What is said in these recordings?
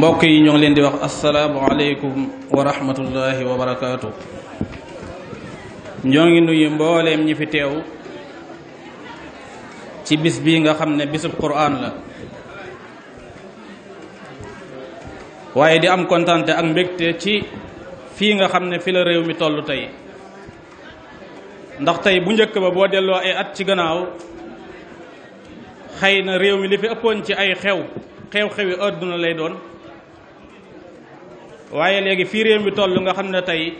mbokk yi ñoo leen di wax asalaamualeykum wa rahmatullahi wa barakaatu. ñoo ngi nuyu mbooleem ñi fi teew ci bis bii nga xam ne bisub quraan la waaye di am kontante ak mbégte ci fii nga xam ne fi la réew mi toll tey ndax tey bu njëkk ba boo delloo ay at ci gannaaw xëy na réew mi li fi ëppoon ci ay xew xew-xewi àdduna lay doon waaye léegi fii réew mi toll nga xam ne tey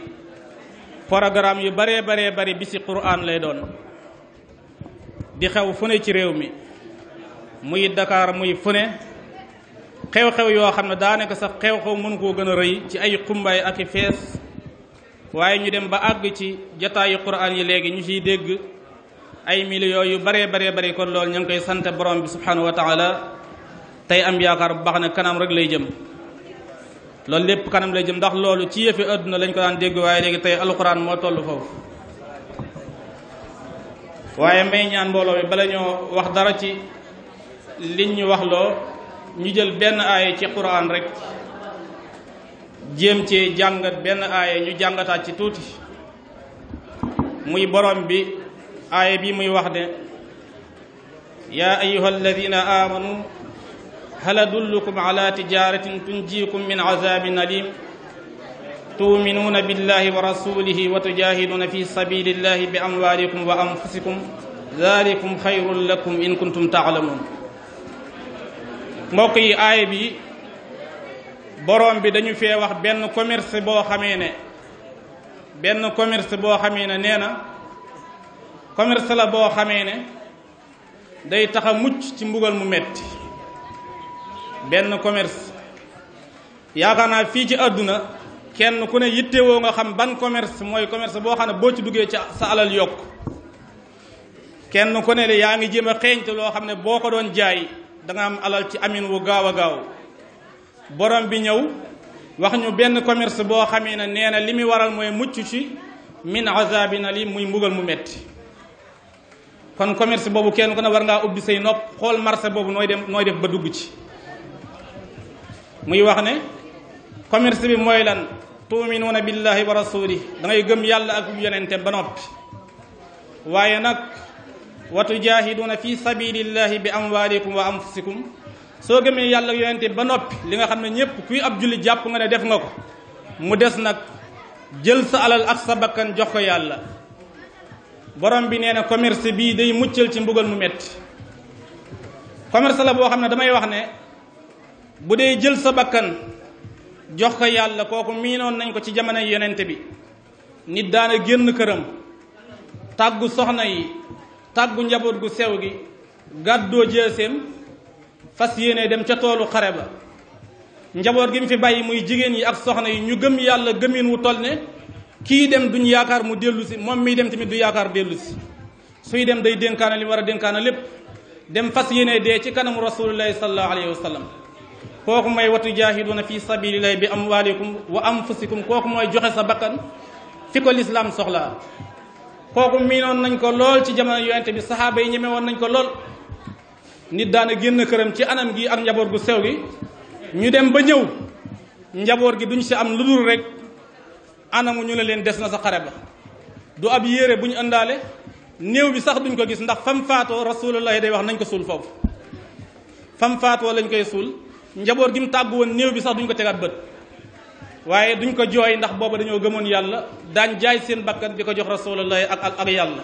programme yu baree baree bari bi si Qur'an lay doon di xew fu ne ci réew mi muy Dakar muy fu ne xew-xew yoo xam ne daanaka sax xew-xew mënu koo gën a rëy ci ay xumbaay ak i fees waaye ñu dem ba àgg ci jotaayu Qur'an yi léegi ñu ciy dégg ay millions yu baree baree bari kon loolu ñu ngi koy sant borom bi subhanahu wa taala tey am yaakaar bu baax ne kanam rek lay jëm loolu lépp kanam lay jëm ndax loolu ci yëfe adduna lañ ko daan dégg waaye léegi tey alxuraan moo tollu foofu waaye may ñaan mbooloo mi bala ñoo wax dara ci li ñu wax loo ñu jël benn aaya ci quran rek jéem ci jàngat benn aaya ñu jàngataat ci tuuti muy borom bi aaya bi muy wax ne yaa ayyuha alladina amanu هل أدلكم على تجارة تنجيكم من عذاب أليم تؤمنون بالله ورسوله وتجاهدون في سبيل الله بأموالكم وأنفسكم ذلكم خير لكم إن كنتم تعلمون mbokk yi aay bi borom bi dañu fee wax benn commerce boo xamee ne benn commerce boo xamee ne nee na commerce la boo xamee ne day tax a mucc ci mbugal mu metti benn commerce yaakaar naa fii ci àdduna kenn ku ne yittewoo nga xam ban commerce mooy commerce boo xam ne boo ci duggee ca sa alal yokk kenn ku ne yaa ngi jéem a xeeñte loo xam ne boo ko doon jaay danga am alal ci amin wu gaaw a gaaw borom bi ñëw wax ñu benn commerce boo xamee ne nee na li muy waral mooy mucc ci min na ali muy mbugal mu metti kon commerce boobu kenn ku ne war ngaa ubbi say nopp xool marché boobu nooy dem nooy def ba dugg ci muy wax ne commerce bi mooy lan tuuminuuna billahi wa rasuli da ngay gëm yàlla ak yonenteem ba noppi waaye nag wa tujaahiduuna fi sabilillahi bi amwalikum wa anfusikum soo gëmee yàlla ak yonente ba noppi li nga xam ne ñëpp kuy ab julli jàpp nga ne def nga ko mu des nag jël sa alal ak sa bakkan jox ko yàlla borom bi nee na commerce bii day muccal ci mbugal mu metti commerce la boo xam ne damay wax ne bu dee jël sa bakkan jox ko yàlla kooku miinoon nañ ko ci jamono yenent bi nit daana génn këram tàggu soxna yi tàggu njaboot gu sew gi gàddoo jëseem fas yéene dem ca toolu xare ba njaboot gi mu fi bàyyi muy jigéen yi ak soxna yi ñu gëm yàlla gëmin wu toll ne kii dem duñ yaakaar mu dellu si moom miy dem tamit du yaakaar dellu si suy dem day dénkaana li war a dénkaana lépp dem fas yéene dee ci kanamu rasulullahi sallallahu alayhi wa kooku mooy watu jaahiduuna fi sabilillahi bi amwalikum wa anfusikum kooku mooy joxe sa bakkan fi ko lislaam soxlaa kooku miinoon nañ ko lool ci jamono yonente bi saxaaba yi ñeme woon nañ ko lool nit daana génn këram ci anam gi ak njaboot gu sew gi ñu dem ba ñëw njaboot gi duñ si am lu dul rek anamu ñu ne leen des na sa xare ba du ab yére bu ñu ëndaale néew bi sax duñ ko gis ndax fam faatoo rasulullahi day wax nañ ko suul foofu fam faatoo lañ ko suul njaboot gi mu tàggu woon néew bi sax duñ ko tegaat bët waaye duñ ko jooy ndax booba dañoo gëmoon yàlla daañ jaay seen bakkan di ko jox rasulullahi ak ak yàlla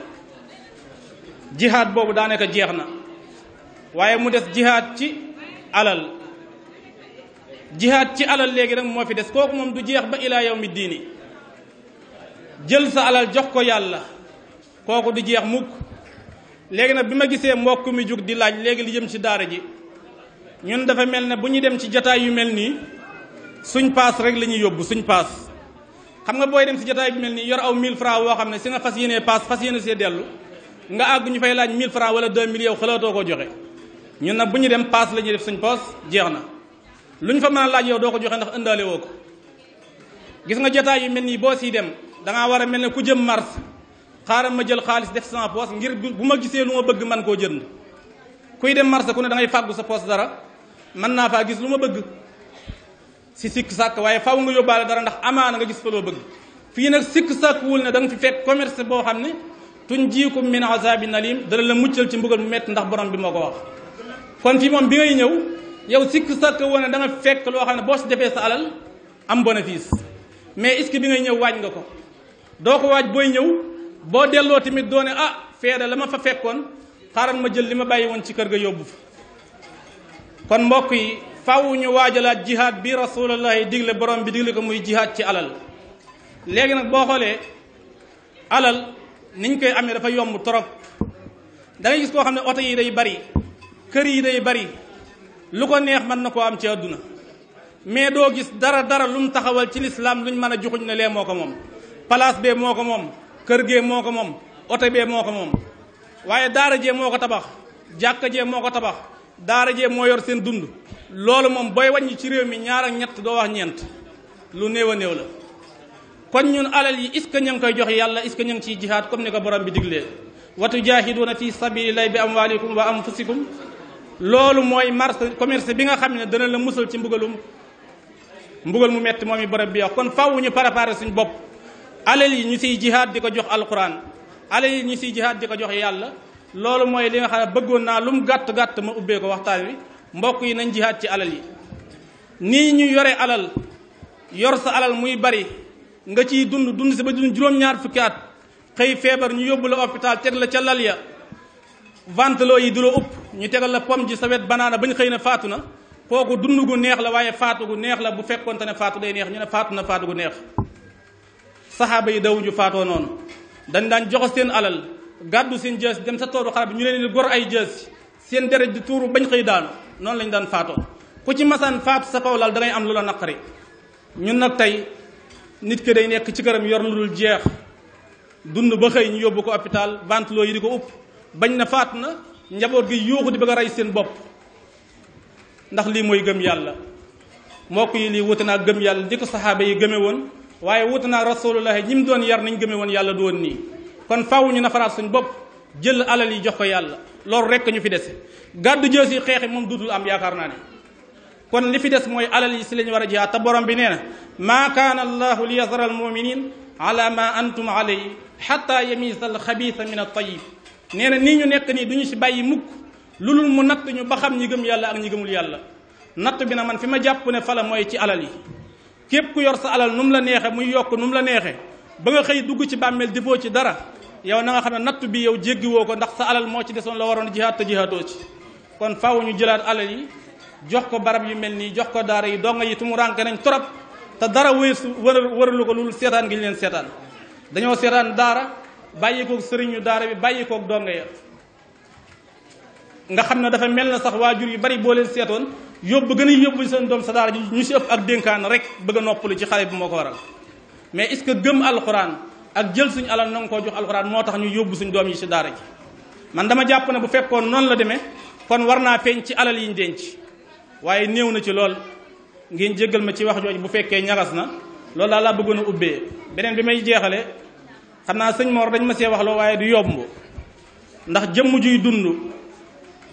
jihaad boobu daanaka jeex na waaye mu des jihaad ci alal jihaad ci alal léegi nag moo fi des kooku moom du jeex ba ilaa yawmi diini jël sa alal jox ko yàlla kooku du jeex mukk léegi nag bi ma gisee mbokk mi jug di laaj léegi li jëm ci daara ji ñun dafa mel ne bu ñu dem ci jataay yu mel nii suñ paas rek la ñuy yóbbu suñ paas xam nga booy dem si jataay bu mel nii yor aw 1000 francs woo xam ne si nga fas yéenee paas fas yéene see dellu nga àgg ñu fay laaj 1000 francs wala 2000 yow xalaatoo ko joxe ñun na bu ñu dem paas la ñuy def suñ poos jeex na lu ñu fa mën a laaj yow doo ko joxe ndax ëndaale woo ko gis nga jataay yu mel nii boo siy dem dangaa war a mel ne ku jëm mars xaaral ma jël xaalis def sama poos ngir bu ma gisee lu bëgg man koo jënd kuy dem mars ku ne da ngay sa poos dara mën naa faa gis lu ma bëgg si sikk sàkk waaye faw nga yóbbaale dara ndax amaana nga gis fa loo bëgg fii nag sikk sàkk wul ne da nga fi fekk commerce boo xam ne tunjiikum min azabin alim dana la muccal ci mbugal mu metti ndax borom bi moo ko wax kon fii moom bi ngay ñëw yow sikk sàkk wul ne da fekk loo xam ne boo si defee sa alal am bénéfice mais est bi ngay ñëw waaj nga ko doo ko waaj booy ñëw boo delloo tamit doone ah feeda la ma fa fekkoon ma jël li ma bàyyi woon ci kër ga yóbbu fa kon mbokk yi faaw ñu waajalaat jihaad bi rasulullahi digle borom bi digle ko muy jihaad ci alal léegi nag boo xoolee alal niñ koy amee dafa yomb trop da ngay gis koo xam ne oto yi day bari kër yi day bari lu ko neex mën na koo am ci àdduna mais doo gis dara dara lu mu taxawal ci lislaam luñ mën a juxuñ ne lee moo ko moom place bee moo ko moom kër gee moo ko moom oto bee moo ko moom waaye daara jee moo ko tabax jàkka jee moo ko tabax daara jee moo yor seen dund loolu moom booy wàññi ci réew mi ñaar ak ñett doo wax ñeent lu néew a néew la kon ñun alal yi est-ce que ñu ngi koy jox yàlla est-ce que ñu ngi ciy jihaad comme ni ko borom bi diglee wa tujaahiduuna fi sabilillahi bi am amwalikum wa anfusikum loolu mooy marché commerce bi nga xam ne dana la musal ci mbugalum mbugal mu metti moom i borom bi wax kon faaw ñu préparé suñu bopp alal yi ñu siy jihaad di ko jox alquran alal yi ñu siy jihaad di ko jox yàlla loolu mooy li nga xam bëggoon naa lu mu gàtt gàtt ma ubbee ko waxtaan wi mbokk yi nañ jihaat ci alal yi nii ñu yore alal yor sa alal muy bari nga ciy dund dund si ba dund juróom-ñaar fukki at xëy feebar ñu yóbbu la hôpital teg la ca lal ya ventilo yi du la upp ñu tegal la pom ji sa wet banaana ba ñu xëy na faatu na kooku dund gu neex la waaye faatu gu neex la bu fekkoonte ne faatu day neex ñu ne faatu na faatu gu neex saxaaba yi dawuñu faatoo noonu dañ daan joxe seen alal gàddu seen jës dem sa toolu xare bi ñu leen di gor ay jës seen deret di tuuru bañ xëy daanu noonu lañ daan faatoo ku ci masaan faat sa kaw laal da am lu la naqari ñun nag tey nit ki day nekk ci këram yor lu dul jeex dund ba xëy ñu yóbbu ko hôpital banteloo yi di ko upp bañ na faat na njaboot gi yuuxu di bëgg a rey seen bopp ndax lii mooy gëm yàlla mbokk yi lii wuute naa gëm yàlla di ko saxaaba yi gëme woon waaye wuute naa rasulullahi ñi mu yar nañ gëme yàlla doon nii kon faaw ñu nafaraat suñ bopp jël alal yi jox ko yàlla loolu rekk ñu fi des gàddu jëes si xeexi moom duutul am yaakaar naa ne kon li fi des mooy alal yi si lañu war a jihaad te borom bi nee na maa kaana allahu li yadara almuminin ala ma antum alay xata yamiisa alxabiisa min altayib nee na nii ñu nekk nii duñu si bàyyi mukk lu dul mu natt ñu ba xam ñi gëm yàlla ak gëmul yàlla natt bi na man fi ma jàpp ne fala mooy ci alal yi képp ku yor sa alal nu mu la neexe muy yokk nu mu la neexe ba nga xëy dugg ci bàmmeel defoo ci dara yow na nga xam ne natt bi yow jéggiwoo ko ndax sa alal moo ci desoon la waroon jihaat te jihaatoo ci kon faaw ñu jëlaat alal yi jox ko barab yu mel nii jox ko daara yi donga yi tumurànke nañ torop te dara weesu wër wëralu ko loolu seetaan gi ñu leen seetaan dañoo seetaan daara bàyyi koog sëriñu daara bi bàyyi kook donga ya nga xam ne dafa mel na sax waajur yi bari boo leen seetoon yóbbu gën a yóbbu seen doom sa daara ji ñu si ak dénkaan rek bëgg a ci xale bi moo ko waral mais est-ce que gëm alxuraan ak jël suñu alal na nga koo jox alxuraan moo tax ñu yóbbu suñu doom yi si daara ji man dama jàpp na bu fekkoon noonu la demee kon war naa feeñ ci alal yi ñu denc waaye néew na ci lool ngeen jéggal ma ci wax jooju bu fekkee ñaxas na loolu daal laa bëggoon ubbee beneen bi may jeexale xam naa sëñ Mor dañ ma see wax loo waaye du yomb ndax jëmm juy dund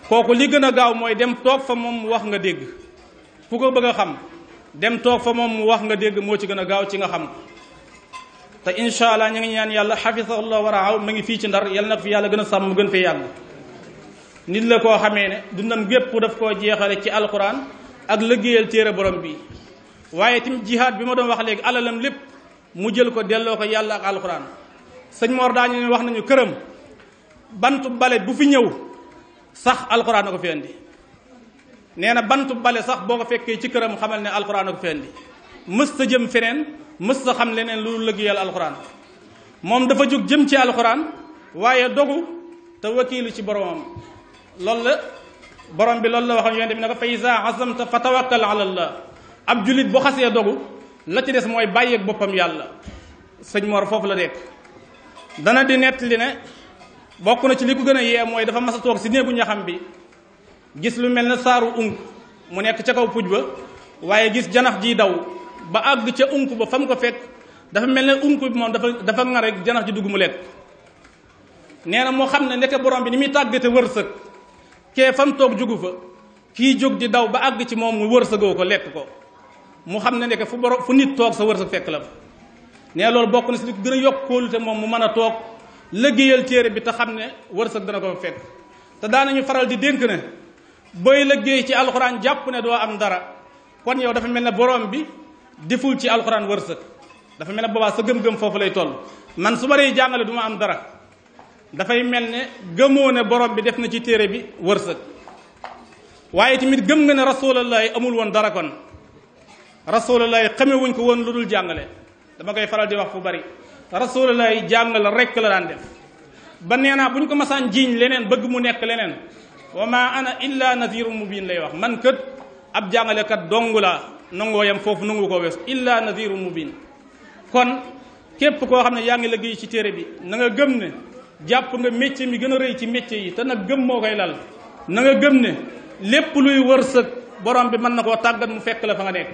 kooku li gën a gaaw mooy dem toog fa moom mu wax nga dégg ku ko bëgg a xam dem toog fa moom mu wax nga dégg moo ci gën a gaaw ci nga xam te incha allah ñu ngi ñaan yàlla xafisahullah waraaw ma ngi fii ci ndar yàlla na fi yàlla gën a sàmm gën fee yàgg nit la koo xamee ne dundam gépp daf koo jeexale ci alquran ak liggéeyal téere borom bi waaye tim jihaad bi ma doon wax léegi alalam lépp mu jël ko delloo ko yàlla ak alquran sëñ Mor daañu leen wax nañu këram bantu bale bu fi ñëw sax alquran na ko fi indi nee na bantu bale sax boo ko fekkee ci këram xamal ne alquran na ko fi indi mës mës sa xam leneen lu liggéeyal alxuraan moom dafa jóg jëm ci alxuraan waaye dogu te wakiilu ci boromam loolu la borom bi loolu la waxoon yonent bi ne ko fa iza azamta fa tawakkal ala allah ab jullit bu xasee dogu la ci des mooy bàyyeeg boppam yàlla sëñ Mor foofu la dekk dana di nettali ne bokk na ci li ko gën a yee mooy dafa mas a toog si néegu ñaxam bi gis lu mel ne saaru unk mu nekk ca kaw puj ba waaye gis janax ji daw ba àgg ca unk ba fam ko fekk dafa mel ne unk bi moom dafa dafa nga rek janax ji dugg mu lekk nee na moo xam ne ndeke borom bi ni muy tàggate wërsëg kee fam toog jugu fa kii jóg di daw ba àgg ci moom mu wërsëgoo ko lekk ko mu xam ne ndeke fu borom fu nit toog sa wërsëg fekk la fa nee loolu bokk na si li gën a yokk kóolute moom mu mën a toog liggéeyal téere bi te xam ne wërsëg dana ko fa fekk te daanañu faral di dénk ne booy liggéey ci alxuraan jàpp ne doo am dara kon yow dafa mel ne borom bi deful ci alxuraan wërsëg dafa mel ne boobaa sa gëm-gëm foofu lay toll man su ma dee jàngale du ma am dara dafay mel ne gëmoo ne borom bi def na ci téere bi wërsëg waaye tamit gëm nga ne rasulallahi amul woon dara kon rasulallahi xamewuñ ko woon lu dul jàngale dama koy faral di wax fu bari rasulallahi jàngale rekk la daan def ba nee naa bu ñu ko masaan jiiñ leneen bëgg mu nekk leneen wa ma ana illa nadirun mubin lay wax man kët ab jàngalekat dong laa nangoo yam foofu nangu koo weesu illa nadirun mubin kon képp koo xam ne yaa ngi la liggéey ci téere bi na nga gëm ne jàpp nga métier mi gën a rëy ci métier yi te nag gëm moo koy lal na nga gëm ne lépp luy wërsëg borom bi mën na koo tàggat mu fekk la fa nga nekk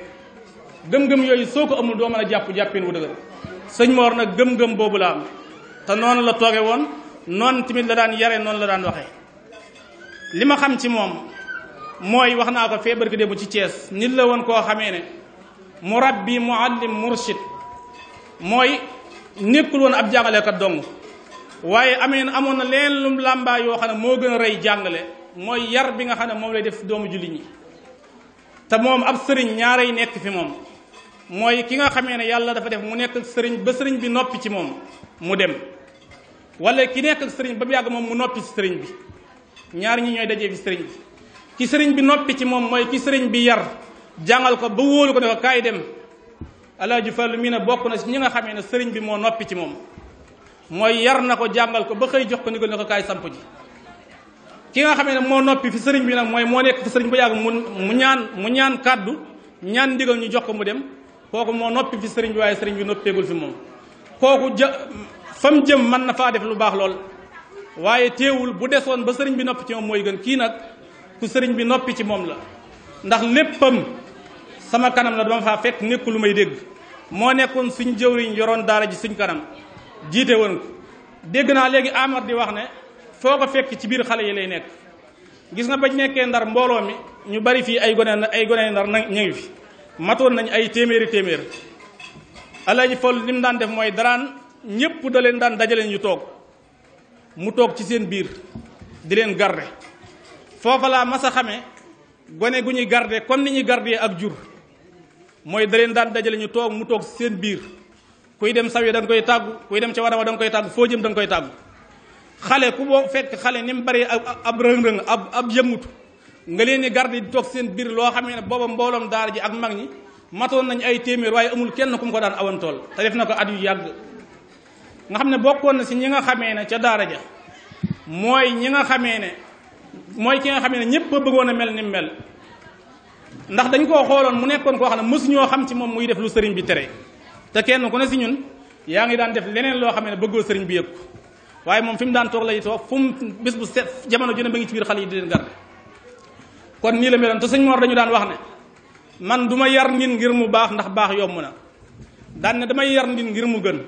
gëm-gëm yooyu soo ko amul doo mën a jàpp jàppin wu dëgër sëñ Mor nag gëm-gëm boobu la am te noonu la tooge woon noonu tamit la daan yare noonu la daan waxe li ma xam ci moom mooy wax naa ko feebar ki démb ci cees nit la woon koo xamee ne murabbi muallim murshid mooy nekkul woon ab jàngalekat dong waaye amee na amoon na leen lum làmbaa yoo xam ne moo gën a rëy jàngale mooy yar bi nga xam ne moom lay def doomu jullit ñi te moom ab sëriñ ñaarey nekk fi moom mooy ki nga xamee ne yàlla dafa def mu nekk sëriñ ba sëriñ bi noppi ci moom mu dem wala ki nekk sëriñ ba bu yàgg moom mu noppi ci sëriñ bi ñaari ñi ñooy dajee fi sëriñ ki sëriñ bi noppi ci moom mooy ci sëriñ bi yar jàngal ko ba wóolu ko ne ko kaay dem Alaaji Fallu mii ne bokk na si ñi nga xamee ne sëriñ bi moo noppi ci moom mooy yar na ko jàngal ko ba xëy jox ko ni ko ne ko kaay samp ji ki nga xamee ne moo noppi fi sëriñ bi nag mooy moo nekk fi sëriñ bu yàgg mun mu ñaan mu ñaan kàddu ñaan ndigal ñu jox ko mu dem kooku moo noppi fi sëriñ bi waaye sëriñ bi noppeegul fi moom kooku jë fam jëm mën na faa def lu baax lool waaye teewul bu desoon ba sëriñ bi noppi ci moom mooy gën kii nag ku sëriñ bi noppi ci moom la ndax léppam sama kanam la dama faa fekk nekku lu may dégg moo nekkoon suñ jëwriñ yoroon daara ji suñ kanam jiite woon ko dégg naa léegi Amar di wax ne foo ko fekk ci biir xale yi lay nekk gis nga bañ nekkee ndar mbooloo mi ñu bari fii ay gone ay gone ndar na ngi fi matoon nañu ay téeméeri téeméer Alaaji fol li mu daan def mooy daraan ñëpp da leen daan dajaleen ñu toog mu toog ci seen biir di leen garde foofa laa ma sa xamee gone gu ñuy garde kon ni ñuy gardee ak jur mooy daleen daan dajale ñu toog mu toog seen biir kuy dem saw yi da koy tàggu kuy dem ca war a wa da koy tàggu foo jëm da nga koy tàggu xale ku boo fekk xale ni mu bari ab ab ab yëngutu nga leen di garde toog seen biir loo xamee ne booba mbooloom daara ji ak mag ñi matoon nañ ay téeméer waaye amul kenn ku mu ko daan awoon tool te def na ko at yu yàgg nga xam ne bokkoon na si ñi nga xamee ne ca daara ja mooy ñi nga xamee ne mooy ki nga xam ne ñëpp a bëggoon a mel ni mel ndax dañ koo xooloon mu nekkoon koo xam ne mësuñoo xam ci moom muy def lu sëriñ bi tere te kenn ku ne si ñun yaa ngi daan def leneen loo xam ne bëggoo sëriñ bi yëpp waaye moom fi mu daan toog lay toog fu mu bis bu set jamono ju ne ba ngi ci biir xale yi di leen garde kon nii la meloon te sëñ Mor dañu daan wax ne man du ma yar nit ngir mu baax ndax baax yomb na daan ne damay yar nit ngir mu gën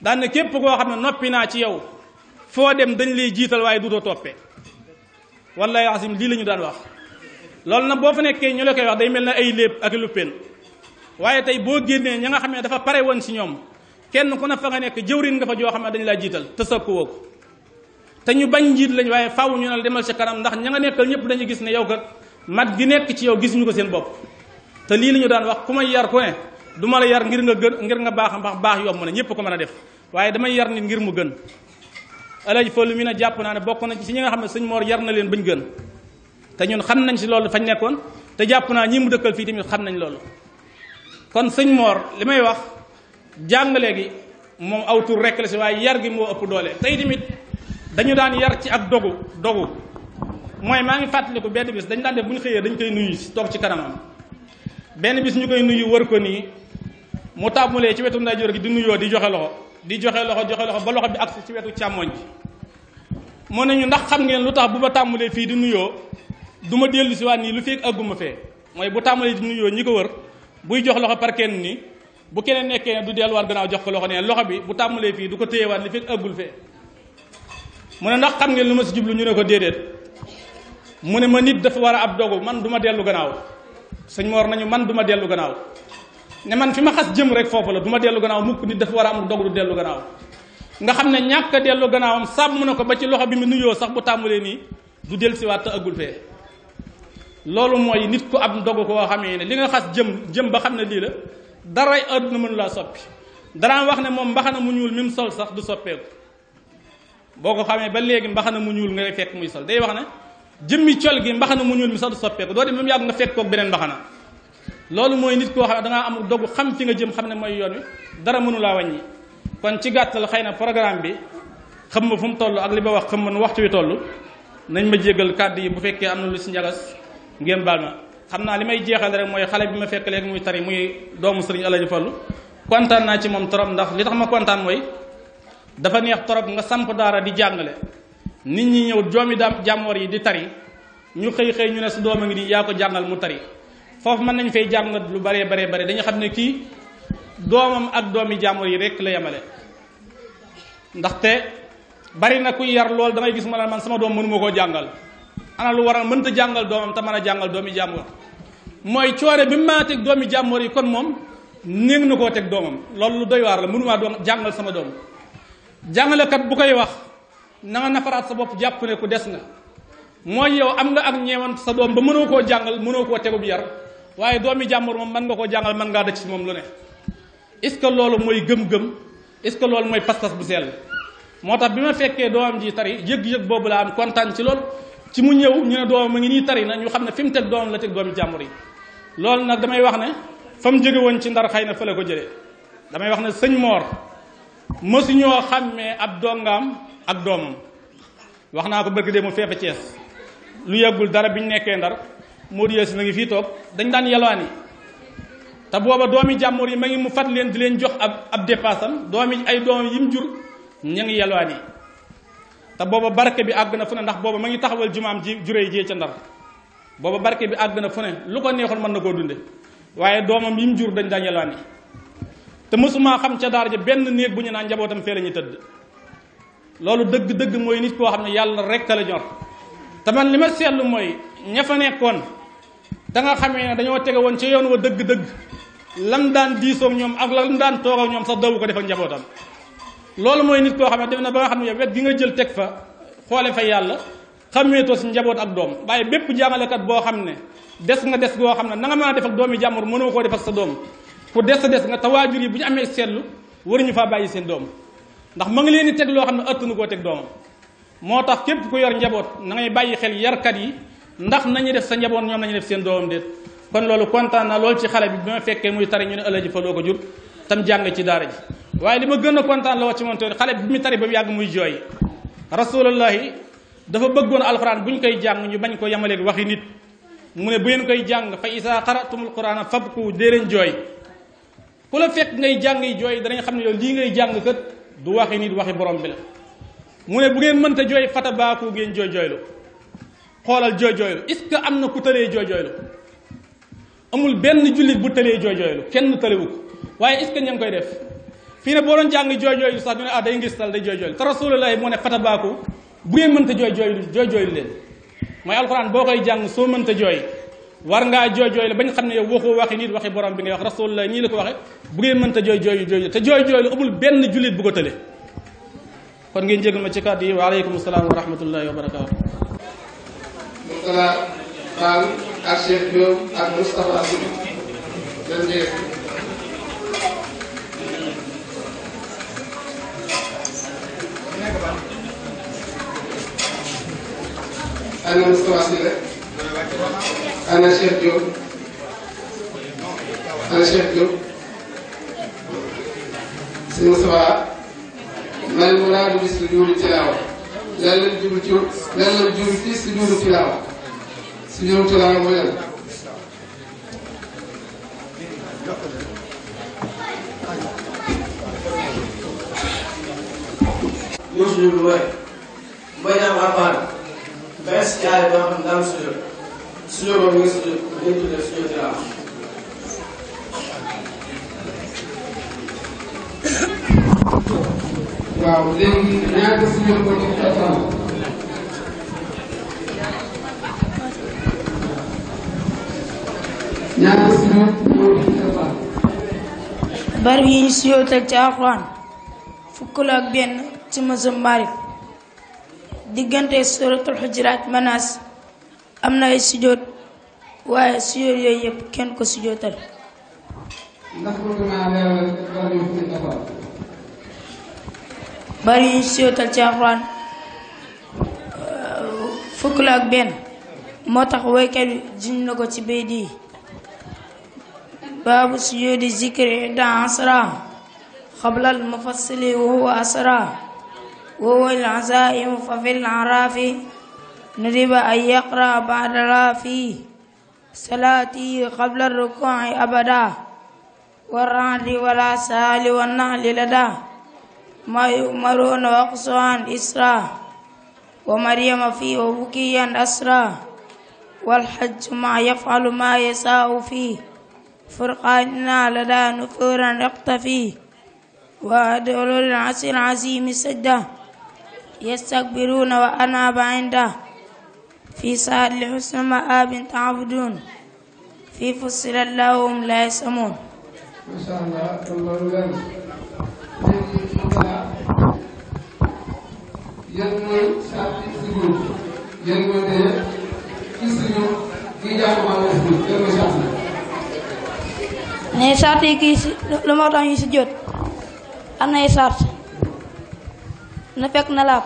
daan ne képp koo xam ne noppi naa ci yow foo dem dañ lay jiital waaye duutoo toppee wallaay asim lii la ñu daan wax loolu nag boo fa nekkee ñu la koy wax day mel ne ay léeb ak luppeen waaye tey boo génnee ña nga xamee dafa pare woon ci ñoom kenn ku ne fa nga nekk jëwrin nga fa joo xam ne dañu laa jiital te sëkku woo ko te ñu bañ njiit lañu waaye faaw ñu ne demal ci kanam ndax ña nga nekkal ñëpp dañu gis ne yow kat mat gi nekk ci yow gisuñu ko seen bopp te lii la ñu daan wax ku may yar ku ne du ma la yar ngir nga gën ngir nga baax a baax yomb na ñëpp ko mën a def waaye damay yar nit ngir mu gën alaji fallu mi ne jàpp naa ne bokk na ci si ñi nga xam ne sëñ moor yar na leen bañ gën te ñun xam nañ si loolu fañ nekkoon te jàpp naa ñi mu dëkkal fii tamit xam nañ loolu kon sëñ moor li may wax jàngale gi moom aw tur rek la si waaye yar gi moo ëpp doole tey tamit dañu daan yar ci ak dogu dogu mooy maa ngi fàttaliku benn bis dañ daan def bu ñu xëyee dañ koy nuyu si toog ci kanamam benn bis ñu koy nuyu wër ko nii mu tàmbalee ci wetu ndeyjoor gi di nuyoo di joxe loxo di joxe loxo joxe loxo ba loxo bi agsi ci wetu càmmoñ bi mu ne ñu ndax xam ngeen lu tax bu ma tàmmalee fii di nuyoo du ma dellu si waat nii lu fekk àgguma fee mooy bu tàmbalee di nuyoo ñi ko wër buy jox loxo par kenn ni bu keneen nekkee du delluwaat gannaaw jox ko loxo nee loxo bi bu tàmbalee fii du ko téyewaat li fekk àggul fee mu ne ndax xam ngeen lu ma si jublu ñu ne ko déedéet mu ne ma nit dafa war a ab dogu man du ma dellu gannaaw sëñ war nañu man du dellu gannaaw ne man fi ma xas jëm rek foofu la du ma dellu gannaaw mukk nit dafa war a am dog du dellu gannaaw nga xam ne ñàkk a dellu gannaawam sàmm na ko ba ci loxo bi mu nuyoo sax bu tàmbalee nii du del siwaat te ëggul fee loolu mooy nit ku ab ndogu koo xamee ne li nga xas jëm jëm ba xam ne lii la daray àdduna mënu laa soppi danaa wax ne moom mbaxana mu ñuul mi mu sol sax du soppeeku boo ko xamee ba léegi mbaxana mu ñuul ngay fekk muy sol day wax ne jëmmi col gi mbaxana mu ñuul mi sax du soppeeku doo dem nga fekk beneen mbaxana loolu mooy nit koo xam ne dangaa am dogu xam fi nga jëm xam ne mooy yoon wi dara mënu laa wàññi kon ci gàttal xëy na programme bi xam ma fu mu toll ak li ba wax xam ma nu waxtu wi toll nañ ma jéggal kàddu yi bu fekkee am na lu si njagas ngeen baal ma xam naa li may jeexal rek mooy xale bi ma fekk léegi muy tari muy doomu sëriñ Alaaji Fallu kontaan naa ci moom trop ndax li tax ma kontaan mooy dafa neex trop nga samp daara di jàngale nit ñi ñëw joomi daam jàmmoor yi di tari ñu xëy ñu ne su doom a di yaa ko jàngal mu tari foofu mën nañ fay jàngat lu baree bare bare dañu xam ne kii doomam ak doomi jàmbur yi rek la yemale ndaxte bari na kuy yar lool damay gis ma ne man sama doom mënuma koo jàngal ana lu waral mënta jàngal doomam te mën a jàngal doomi jàmbur mooy coore bi maa teg doomi jàmbur yi kon moom néeg na koo teg doomam loolu lu waar mënumaa doom jàngal sama doom jàngalekat bu koy wax na nga nafaraat sa bopp jàpp ne ku des nga mooy yow am nga ak ñeewant sa doom ba mënoo koo jàngal mënoo koo tegub yar waaye doomi jàmbur moom mën nga koo jàngal mën ngaa dëcc si moom lu ne est-ce que loolu mooy gëm-gëm est-ce que loolu mooy pas-pas bu sell moo tax bi ma fekkee doomam ji tari yëg-yëg boobu laa am kontaan ci loolu ci mu ñëw ñu ne doomam a ngi nii tari na ñu xam ne fi mu teg doomam la teg doomi jàmbur yi loolu nag damay wax ne fa mu jóge woon ci ndar xëy na fa ko jëlee damay wax ne sëñ moor mësuñoo xàmmee ab dongaam ak doomam wax naa ko bëgg de mu feefa Cees lu yàggul dara biñ nekkee ndar moo Yacine a ngi fii toog dañ daan yelwaani te booba doomi jàmbur yi ma ngi mu fat leen di leen jox ab ab dépasse am doomi ay doom yi mu jur ña ngi yelwaani te booba barke bi àgg na fu ne ndax booba ma ngi taxawal jumaam ji juree jee ca ndar booba barke bi àgg na fu lu ko neexoon mën na koo dunde waaye doomam yi mu jur dañ daan yelwaani te mësuma xam ca daara ja benn néeg bu ñu naan njabootam fee la ñuy tëdd loolu dëgg-dëgg mooy nit koo xam ne yàlla rek la ñor te man li ma seetlu mooy ña fa nekkoon da nga xamee ne dañoo tege woon ca yoon wa dëgg-dëgg lan daan diisoog ñoom ak lam daan toogoog ñoom sax dawu ko def ak njabootam loolu mooy nit koo xam ne dem na ba nga xam ne yow wet nga jël teg fa xoole fa yàlla xammeetoo si njaboot ak doom waaye bépp jàngalekat boo xam ne des nga des goo xam ne na nga mën a def ak doomi jàmbur mënoo koo def ak sa doom ku des sa des nga te yi bu ñu amee seetlu waruñu fa bàyyi seen doom ndax ma ngi leen di teg loo xam ne ëttanu koo teg doomam moo tax képp ku yor njaboot na ngay bàyyi xel yarkat yi ndax nañu def sa njaboot ñoom nañu def seen doomam déet kon loolu kontaan na loolu ci xale bi bi ma fekkee muy tari ñu ne ëllëg fa loo ko jur tam jàng ci daara ji waaye li ma gën a kontaan la wax ci moom te xale bi bi mu tari ba mu yàgg muy jooy dafa bëggoon alxuraan bu ñu koy jàng ñu bañ ko yemaleeg waxi nit mu ne bu ngeen koy jàng fa isa xaratumul quraan fabku déereen jooy ku la fekk ngay jàng yi jooy danañ xam ne yow lii ngay jàng kat du waxi nit waxi borom bi la mu ne bu ngeen mënta jooy fata baaku ngeen jooy jooylu xoolal jooyjooylu est-ce que am na ku tëlee jooyjooylu amul benn jullit bu tëlee jooyjooylu kenn tëlewu ko waaye est ña ngi koy def fii ne boo doon jàng jooyjooylu sax ñu ne ah day ngis tal day jooyjooylu te rasulullahi moo ne fatabaaku bu ngeen mënta jooyjooylu jooyjooylu leen mooy alxuraan boo koy jàng soo mënta jooy jooy jooy la bañ xam ne yow waxoo waxi nit waxi borom bi ngay wax rasulullah nii la ko waxe bu ngeen mënta jooy jooy jooy te jooy jooy lu amul benn jullit bu ko tële kon ngeen jégal ma ci kàddu yi wa aleykum salaam wa rahmatullahi wa barakaatu Murtala Fall ak Cheikh Diop ak Moustapha Sy jërëjëf ana Moustapha Sy la ana Cheikh Diop ana Cheikh Diop si Moustapha man muraadu bi sujuudi tilaawa lan la jublu ci lan la jublu ci sujuudi suñu talaa mooy yàlla ñoo suñu lu waay bay naa waa baax bees yaay boo xam daal suñu suñu boo ngi suñu dañ tuddee suñu talaa waaw léegi ñaata suñu ko ci ñaari suyut ci Alxuraan barab ñu suyootal ci Alxuraan fukk la ak benn ci mazhab Maalik diggante suratul xujuraat manaas am na ay sujoot waaye sujoot yooyu yëpp kenn ko sujootal ndax bëgg naa ci Alxuraan barab ñu suyootal ci Alxuraan fukk la ak benn moo tax woykat bi jiñ na ko ci bay di baabu sujuudi zikri inda asra qabla al-mufassili wa huwa asra wa huwa al-azaa'imu fa fil araafi nudiba an yaqra ba'da raafi salaati qabla ar-rukuu'i abada wa ra'di wa la saali wa na'li lada ma yu'maruuna wa aqsuhan isra wa maryama fi wa bukiyan asra wal hajju ma yaf'alu ma yasa'u fi فرقان لدى نفورا اقتفيه وأدعو للعسي العظيم سجده يستكبرون وأناب عنده في سهر لحسن مآب تعبدون في فصل الله وهم لا يسمون ما شاء الله loolu lenn léegi mu gën a yan mooy sarti sujud yan mooy teye ci sujud gi jàpp maa ngi sujud yan mooy sarti ne sart yi kii si lu moo tax ñu si jot am nay sart na fekk na laab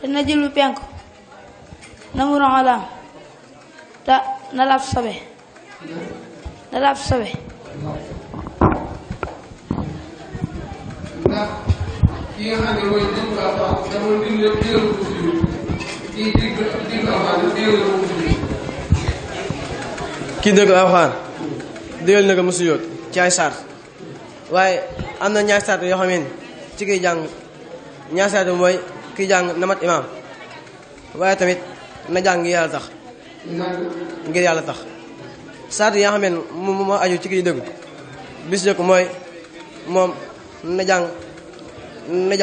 dina jël lu penk na mu rongo te na laab sobe na laab sobe kii dig dig afaar digal na ko mosu yóot ci ay sart waaye am na ñaari sart yoo xam ne ci kiy jàng ñaari sart mooy kiy jàng na mat na jàng ngir tax ngir yàlla tax sart yi moom ci kiy déglu bis jëkk mooy moom na jàng na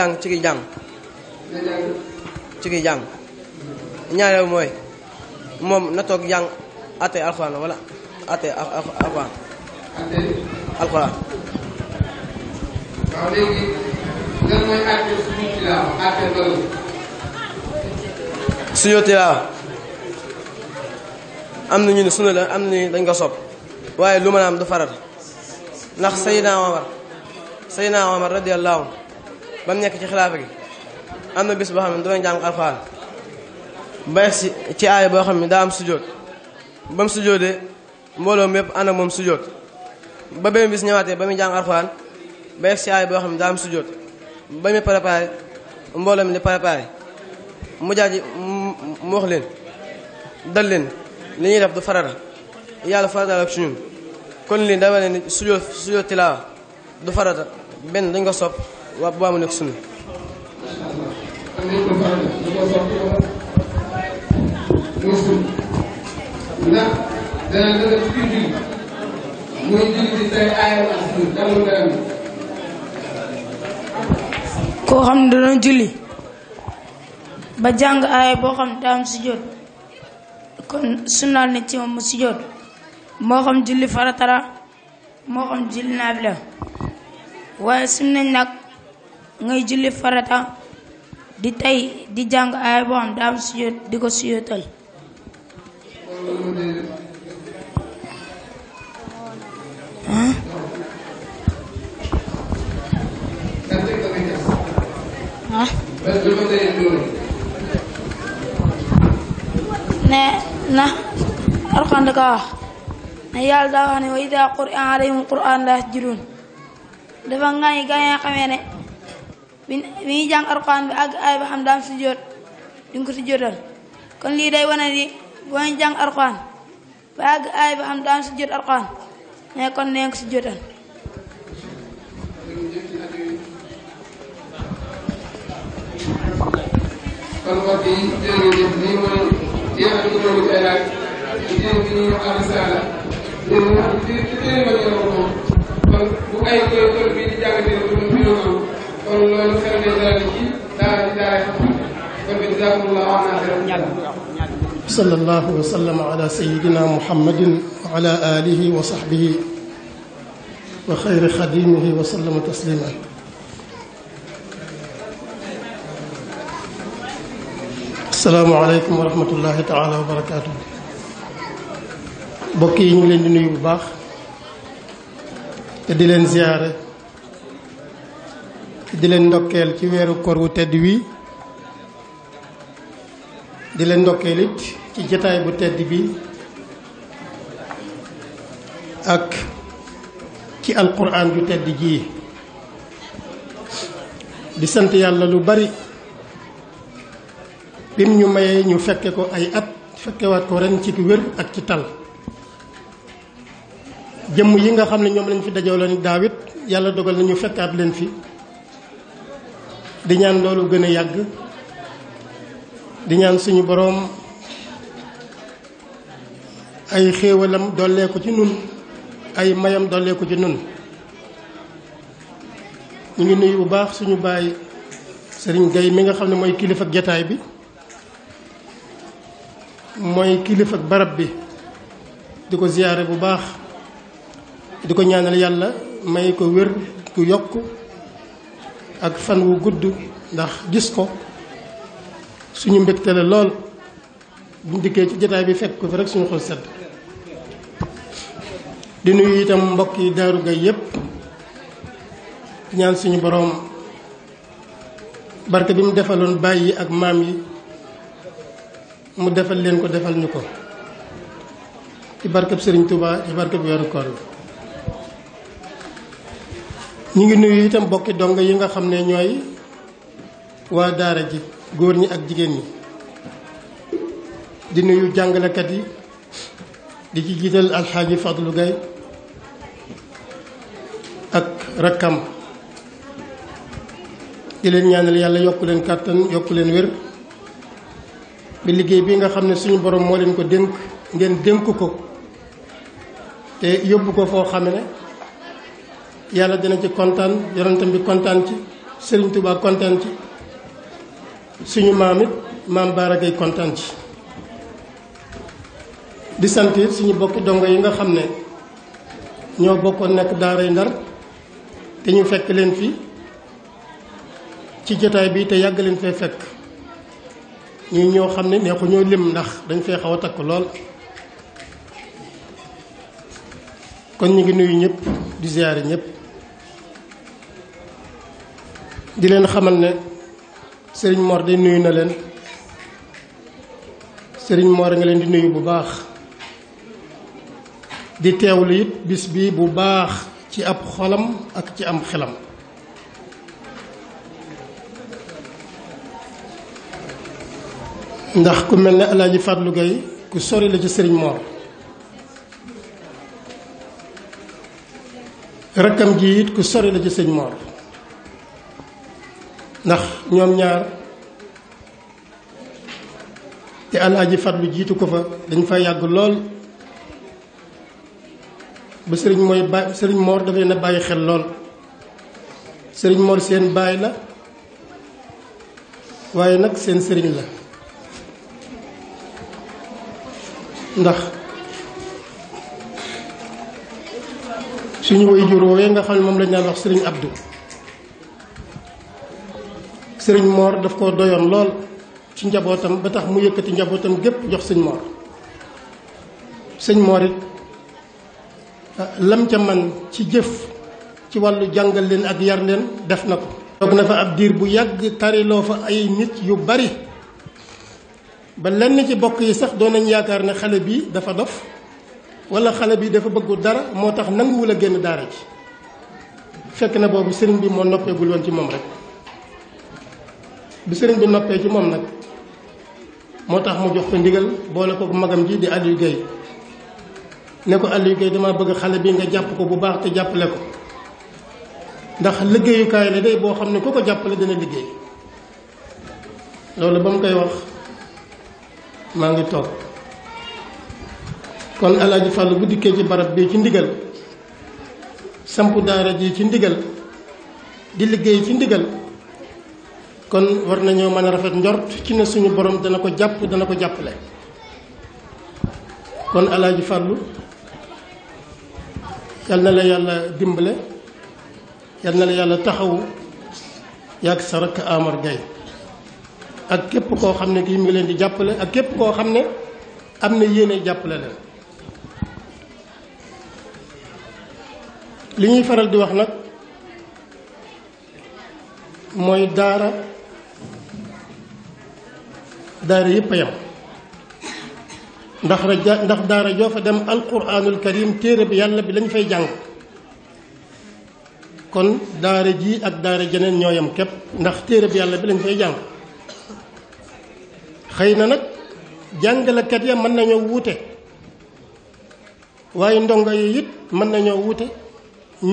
jàng moom na toog jàng ate alxuraan wala ate alxuraan alquran waaw léegi am na ñu ne am na ñu dañ ko sopp waaye lu manaam du farat ndax Seydina Omar Seydina Omar radiyallahu anhu ba mu nekk ci xilaafa gi am na bis boo xam ne doon jàng alxuraan ba si ci aaya boo xam ne daa am sujjóot bam mu sujjóotee mbooloo mépp ànd moom sujjóot ba benn bis ñëwaatee ba muy jàng arxuraan ba egg si aay boo xam ne daa am sujjóot ba muy préparé mbooloo mi di préparé mu jaaji mu wax leen dal leen li ñuy def du farata yàlla farataal ak suñu kon lii dama leen sujjóot sujjóot tilaawa du farata benn dañ ko sopp waa bu mu nekk suñu muy julli say koo xam ne dana julli ba jàng aaya boo xam ne sujjóot kon sunnaal ne ci moom mu sujjóot moo xam julli faratara moo xam julli naafila waaye suñ nañ nag ngay julli farata di tey di jàng aaya boo xam daa sujjóot di ko sujjóotal ne na alxuraan da kaa wax ne yàlla daa wax ne wa ida quri'a alayhim qur'aan laa yasjuduun dafa ŋaañi gaa yi xamee ne bi ñuy jàng alxuraan bi àgg aay ba xam daam sujjóot duñ ko kon lii day wane di boo ñu jàng alxuraan ba àgg aay ba xam daam sujjóot alxuraan ne kon neen ko sujjóotal kon mbokk yi jërë ngeen jëf lii mooy jeexal ci loolu ay laaj ci téere bi ñuy wax Risaala ci téere la ñu moom kon bu ay tool tool bii di jàng téere bi ñu am kon loolu xel day dalal ci daara ji daara xam-xam kon bi jazakumullah wax naa xel ñàll صلى الله وسلم على سيدنا محمد وعلى آله وصحبه وخير خديمه وسلم تسليما asalaamaaleykum wa rahmatullahi taala wa barakaatu mbokk yi ñu ngi leen di nuyu bu baax te di leen ziyaare te di leen ndokkeel ci weeru koor wu tedd wi di leen ndokkeel ci jataay bu tedd bi ak ci alquran ju tedd jii di sant yàlla lu bari bim ñu mayee ñu fekke ko ay at fekkewaat ko ren ci wér ak ci tal jëmm yi nga xam ne ñoom lañ fi dajaloon daawit yàlla dogal na ñu fekkaat leen fi di ñaan loolu gën a yàgg di ñaan suñu boroom ay xéewalam dollee ko ci nun ay mayam dollee ko ci nun ñu ngi nuyu bu baax suñu baay sëriñ Gueye mi nga xam ne mooy kilifa jataay bi mooy kilifa ak barab bi di ko ziyaare bu baax di ko ñaanal yàlla may ko wér gu yokk ak fan wu gudd ndax gis ko suñu mbégte la lool buñ dikkee ci jataay bi fekk ko fi rek suñu xol sedd di itam mbokk yi Daaru Gay yépp ñaan suñu boroom barke bi mu defaloon bàyyi ak maam yi mu defal leen ko defal ñu ko ci barkab sëriñ Touba ci barkab weeru koor ñu ngi nuyu itam bokki dong yi nga xam ne ñooy waa daara ji góor ñi ak jigéen ñi di nuyu jàngalekat yi di ci jiital alxaaji lu Gay ak rakkam di leen ñaanal yàlla yokku leen kàttan yokku leen wér bi liggéey bi nga xam ne suñu borom moo leen ko dénk ngeen dénk ko te yóbbu ko foo xam ne yàlla dina ci kontaan yonentam bi kontaan ci Sëriñ Tuubaa kontaan ci suñu maam it maam Baara Gay kontaan ci di sant it suñu bokk dongo yi nga xam ne ñoo bokkoon nekk daaray Ndar te ñu fekk leen fi ci jotaay bi te yàgg leen fee fekk ñuy ñëw xam ne nee ko ñoo lim ndax dañ fee xaw a takk lool kon ñu ngi nuyu ñëpp di ziyaare ñépp di leen xamal ne sëriñ Mor de nuyu na leen sëriñ Mor nga leen di nuyu bu baax di teewlu it bis bi bu baax ci ab xolam ak ci am xelam ndax ku mel ne Alaaji Fàllu Gay ku sori la ci sëriñ Moor rakkam ji it ku sori la ci sëriñ Moor ndax ñoom ñaar te Alaaji Fàllu jiitu ko fa dañ fa yàgg lool bu sëriñ mooy ba sëriñ Moor dafa leen a bàyyi xel lool sëriñ Moor seen baay la waaye nag seen sëriñ la ndax suñu way juróowee nga xam ne moom lañ daan wax sëriñ Abdou sëriñ Mor daf koo doyoon lool ci njabootam ba tax mu yëkkati njabootam gépp jox sëñ Mor sëñ Mor it ah, lam ca man ci jëf ci wàllu jàngal leen ak yar leen def na ko toog na fa ab diir bu yàgg tariloo fa ay nit yu bari ba lenn ci bokk yi sax doon nañ yaakaar ne xale bi dafa dof wala xale bi dafa bëggul dara moo tax nanguwul a génn daara ci fekk na boobu sëriñ bi moo noppeegul woon ci moom rek bu sëriñ bi noppee ci moom nag moo tax mu jox ko ndigal boole ko magam ji di Aliou Guèye ne ko Aliou Guèye dama bëgg xale bi nga jàpp ko bu baax te jàppale ko ndax liggéeyukaay la day boo xam ne ku ko jàppale dina liggéey loolu ba mu koy wax maa ngi toog kon alaaji fàllu bu dikkee ci barab bi ci ndigal samp daara ji ci ndigal di liggéey ci ndigal kon war nañoo mën a rafet njort ci ne suñu borom dana ko jàpp dana ko jàppale kon alaaji fàllu yal na la yàlla dimbale yal na la yàlla taxawu yàgg sa rakk Amar Gaye ak képp koo xam ne kii mu ngi leen di jàppale ak képp koo xam ne am na yéene jàppale leen li ñuy faral di wax nag mooy daara daara yëpp a yam ndax ndax daara joo fa dem alquranul karim téere bi yàlla bi lañ fay jàng kon daara jii ak daara jeneen ñoo yam képp ndax téere bi yàlla bi lañ fay jàng xëy na nag jàngalekat ya mën nañoo wuute waaye ndongo yi it mën nañoo wuute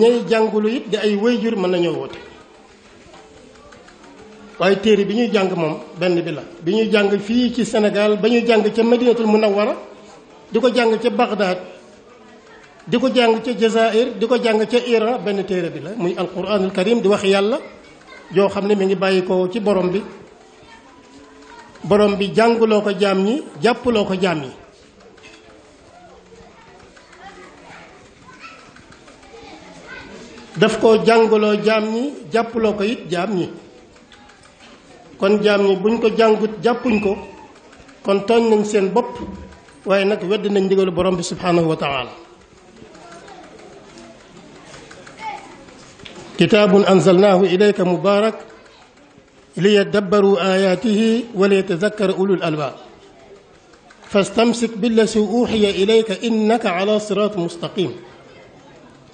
ñay jàngulu it di ay wéyjur mën nañoo wuute waaye téere bi ñuy jàng moom benn bi la bi ñuy jàng fii ci Sénégal ba ñuy jàng ca Madinatul Munawwara di ko jàng ca Bagdad di ko jàng ca Jazair di ko jàng ca Iran benn téere bi la muy alquranul karim di wax yàlla yoo xam ne mi ngi bàyyi ko ci borom bi borom bi jànguloo ko jaam ñi jàppuloo ko jaam ñi daf koo jàngaloo jaam ñi jàppuloo ko it jaam ñi kon jaam ñi buñ ko jàngut jàppuñ ko kon tooñ nañ seen bopp waaye nag wedd nañ ndigalu borom bi subhanahu wa taala kitaabun anzalnaahu ilayka mubaarak ليدبروا آياته وليتذكر أولو الألباب فاستمسك بالذي أوحي إليك إنك على صراط مستقيم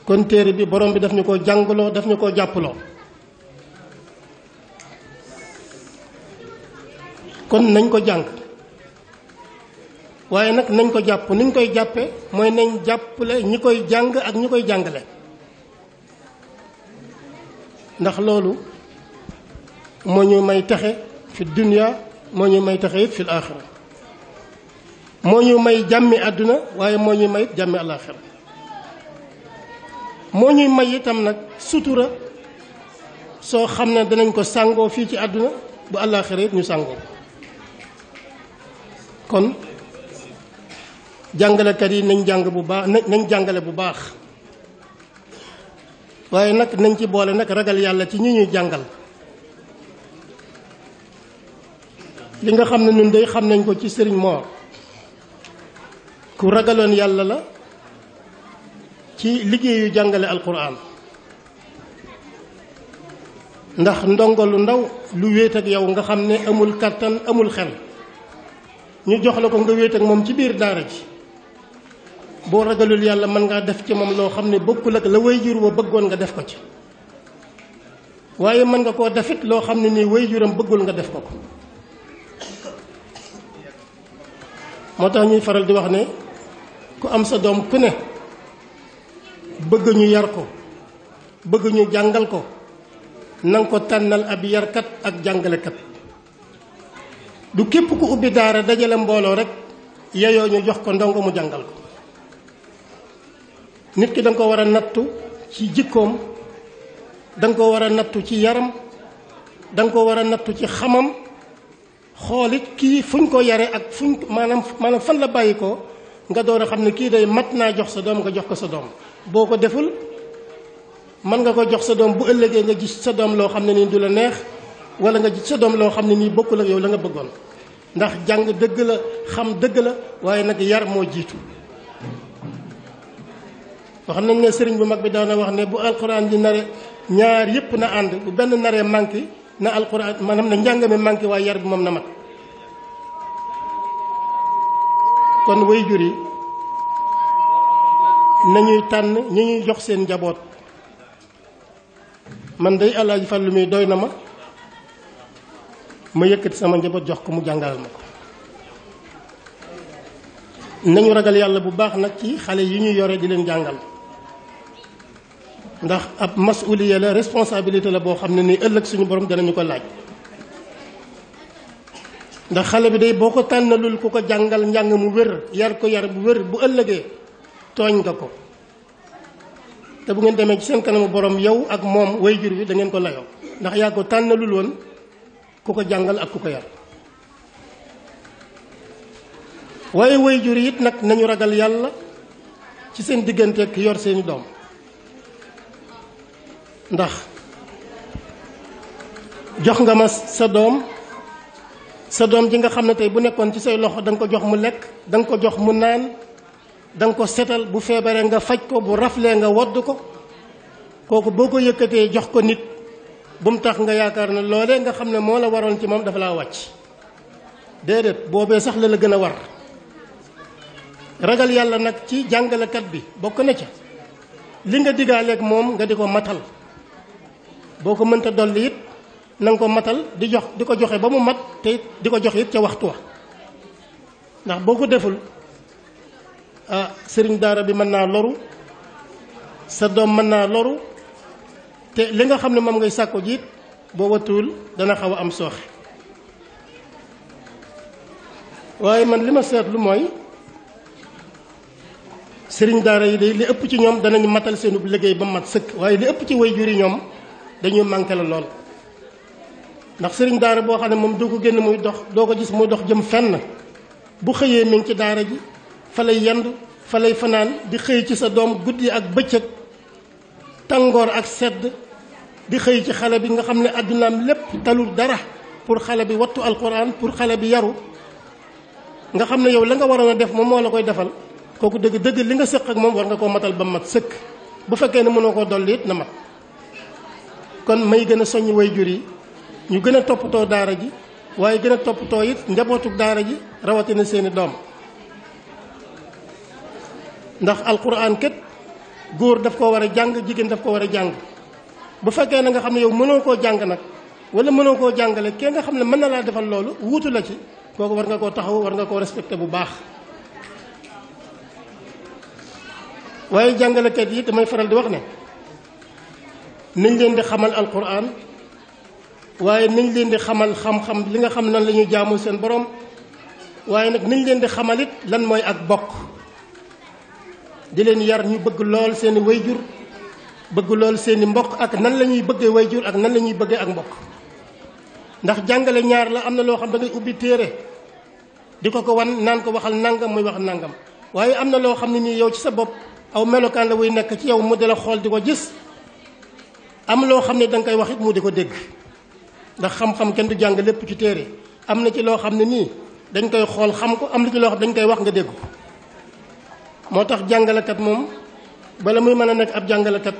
kon téere bi borom bi daf ñu ko jàngaloo daf ñu ko jàppaloo kon nañ ko jàng waaye nag nañ ko jàpp niñ koy jàppe mooy nañ jàppale ñi koy jàng ak ñi koy jàngale ndax loolu moo ñu may taxe fi dunya moo ñu may texe it fi alaaxira moo ñu may jàmmi àdduna waaye moo ñu may jàmmi alaaxira moo ñuy may itam nag sutura soo xam ne danañ ko sàngoo fii ci àdduna bu alaaxira it ñu sàngoo kon jàngalekat yi nañ jàng bu baax nañ jàngale bu baax waaye nag nañ ci boole nag ragal yàlla ci ñi ñuy jàngal li nga xam ne ñun day xam nañ ko ci sëriñ Mor ku ragaloon yàlla la ci liggéeyu jàngale alquran ndax ndongo lu ndaw lu wéet ak yow nga xam ne amul kàttan amul xel ñu jox la ko nga wéet ak moom ci biir daara ji boo ragalul yàlla mën ngaa def ci moom loo xam ne bokkul ak la way jur wa bëggoon nga def ko ci waaye mën nga koo defit loo xam ne nii way juram bëggul nga def ko ko moo tax ñuy faral di wax ne ku am sa doom ku ne bëgg ñu yar ko bëgg ñu jàngal ko nang ko tànnal ab yarkat ak jàngalekat du képp ku ubbi daara dajale mbooloo rek yeyoo ñu jox ko ndongo mu jàngal ko nit ki da ko war a nattu ci jikkoom da ko war a nattu ci yaram da ko war a nattu ci xamam xoolit kii fuñ ko yare ak fuñ maanaam maanaam fan la bàyyi ko nga doon a xam ne kii day mat naa jox sa doom nga jox ko sa doom boo ko deful mën nga ko jox sa doom bu ëllëgee nga gis sa doom loo xam ne nii du la neex wala nga gis sa doom loo xam ne nii bokkul ak yow la nga bëggoon ndax jàng dëgg la xam dëgg la waaye nag yar moo jiitu wax nañ ne sëriñ bu mag bi daana wax ne bu alxuraan yi nare ñaar yëpp na ànd bu benn naree yi na alquran manam na njàng mi manqué waaye yar bi moom na mat kon way jur yi nañuy tànn ñi ñuy jox seen njaboot man day alaaji fàllu mi doy na ma ma yëkkati sama njaboot jox ko mu jàngalal ma ko nañu ragal yàlla bu baax nag ci xale yi ñuy yore di leen jàngal ndax ab masuliya la responsabilité la boo xam ne nii ëllëg suñu borom danañu ko laaj ndax xale bi dey boo ko tànnalul ku ko jàngal njàng mu wér yar ko yar bu wér bu ëllëgee tooñ nga ko te bu ngeen demee ci seen kanamu borom yow ak moom way jur bi da ngeen ko layoo ndax yaa ko tànnalul woon ku ko jàngal ak ku ko yar waaye way jur it nag nañu ragal yàlla ci seen diggante ak yor seeni doom ndax jox nga ma sa doom sa doom ji nga xam ne tey bu nekkoon ci say loxo danga ko jox mu lekk danga ko jox mu naan danga ko setal bu feebaree nga faj ko bu raflee nga wodd ko kooku boo ko yëkkatee jox ko nit bu mu tax nga yaakaar na loolee nga xam ne moo la waroon ci moom dafa laa wàcc déedéet boobee sax la la gën a war ragal yàlla nag ci jàngalekat bi bokk na ca li nga diggaaleeg moom nga di ko matal boo ko mënta dolli it na nga ko matal di jox di ko joxe ba mu mat te di ko jox it ca waxtu wa ndax boo ko deful ah sëriñ daara bi mën naa loru sa doom mën naa loru te li nga xam ne moom ngay sàkku jiit boo watuwul dana xaw am sooxe waaye man li ma seetlu mooy sëriñ daara yi day li ëpp ci ñoom danañu matal seenub liggéey ba mat sëkk waaye li ëpp ci way juri ñoom dañuy manqué la lool ndax sëriñ daara boo xam ne moom doo ko génn muy dox doo ko gis muy dox jëm fenn bu xëyee mi ngi ci daara ji fa lay yendu fa lay fanaan di xëy ci sa doom guddi ak bëccëg tàngoor ak sedd di xëy ci xale bi nga xam ne àddunaam lépp talul dara pour xale bi wattu alxuraan pour xale bi yaru nga xam ne yow la nga war a def moom moo la koy defal kooku dëgg dëgg li nga sëq ak moom war nga koo matal ba mat sëkk bu fekkee ne mënoo koo dolli it na mat kon may gën a soññ waajur yi ñu gën a toppatoo daara ji waaye gën a toppatoo it njabootuk daara ji rawatina seeni doom ndax alquran kat góor daf ko war a jàng jigéen daf ko war a jàng bu fekkee na nga xam ne yow mënoo koo jàng nag wala mënoo koo jàngale kee nga xam ne mën na laa defal loolu wuutu la ci kooku war nga koo taxaw war nga koo respecté bu baax waaye jàngalekat yi damay faral di wax ne nañ leen di xamal alquran waaye nañ leen di xamal xam-xam li nga xam nan la ñuy jaamu seen borom waaye nag nañ leen di xamalit lan mooy ak bokk di leen yar ñu bëgg lool seeni way jur bëgg lool seeni mbokk ak nan lañuy bëggee way jur ak nan lañuy bëggee ak mbokk ndax jàngale ñaar la am na loo xam da ngay ubbi téere di ko ko wan naan ko waxal nangam muy wax nangam waaye am na loo xam ne nii yow ci sa bopp aw melokaan la wuy nekk ci yow mu dala xool di ko gis am loo xam ne danga koy wax it mu di ko dégg ndax xam-xam kenn du jàng lépp ci téere am na ci loo xam ne nii dañ koy xool xam ko am na ci loo xam dañ koy wax nga dégg moo tax jàngalekat moom bala muy mën a nekk ab jàngalekat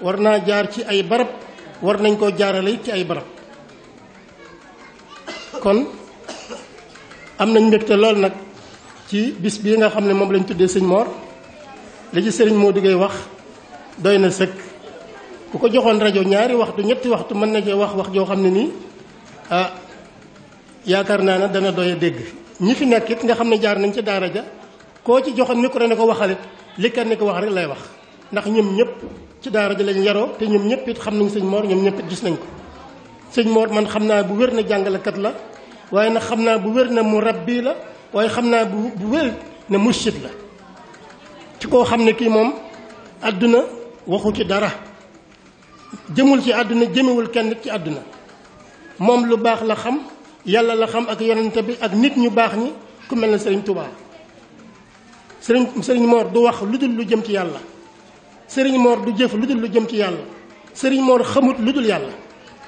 war naa jaar ci ay barab war nañ koo jaarale it ci ay barab kon am nañ mbégte lool nag ci bis bii nga xam ne moom lañ tuddee sëñ Mor li ci sëriñ Modou Gueye wax doy na sëkk ku ko joxoon rajo ñaari waxtu ñetti waxtu mën na cee wax wax joo xam ne nii ah, yaakaar naa ne dana doy a dégg ñi fi nekk it nga xam ne jaar nañ ci daara ja koo ci joxoon ko ne ko waxalit li ne ko wax rek lay wax ndax ñoom ñëpp ci daara ja lañ yaroo te ñoom ñëpp it xam nañ sëñ moor ñoom ñëpp gis nañ ko sëñ Mor man xam naa bu wér na jàngalekat la waaye nag xam naa bu wér na mu rabbi la waaye xam naa bu bu wér na mursid la ci koo xam ne kii moom àdduna waxu ci dara jëmul ci àdduna jëmewul kenn ci àdduna moom lu baax la xam yàlla la xam ak yonente bi ak nit ñu baax ñi ku mel na sëriñ Tuubaa sëriñ sëriñ Moor du wax lu dul lu jëm ci yàlla sëriñ Moor du jëf lu dul lu jëm ci yàlla sëriñ Moor xamut lu dul yàlla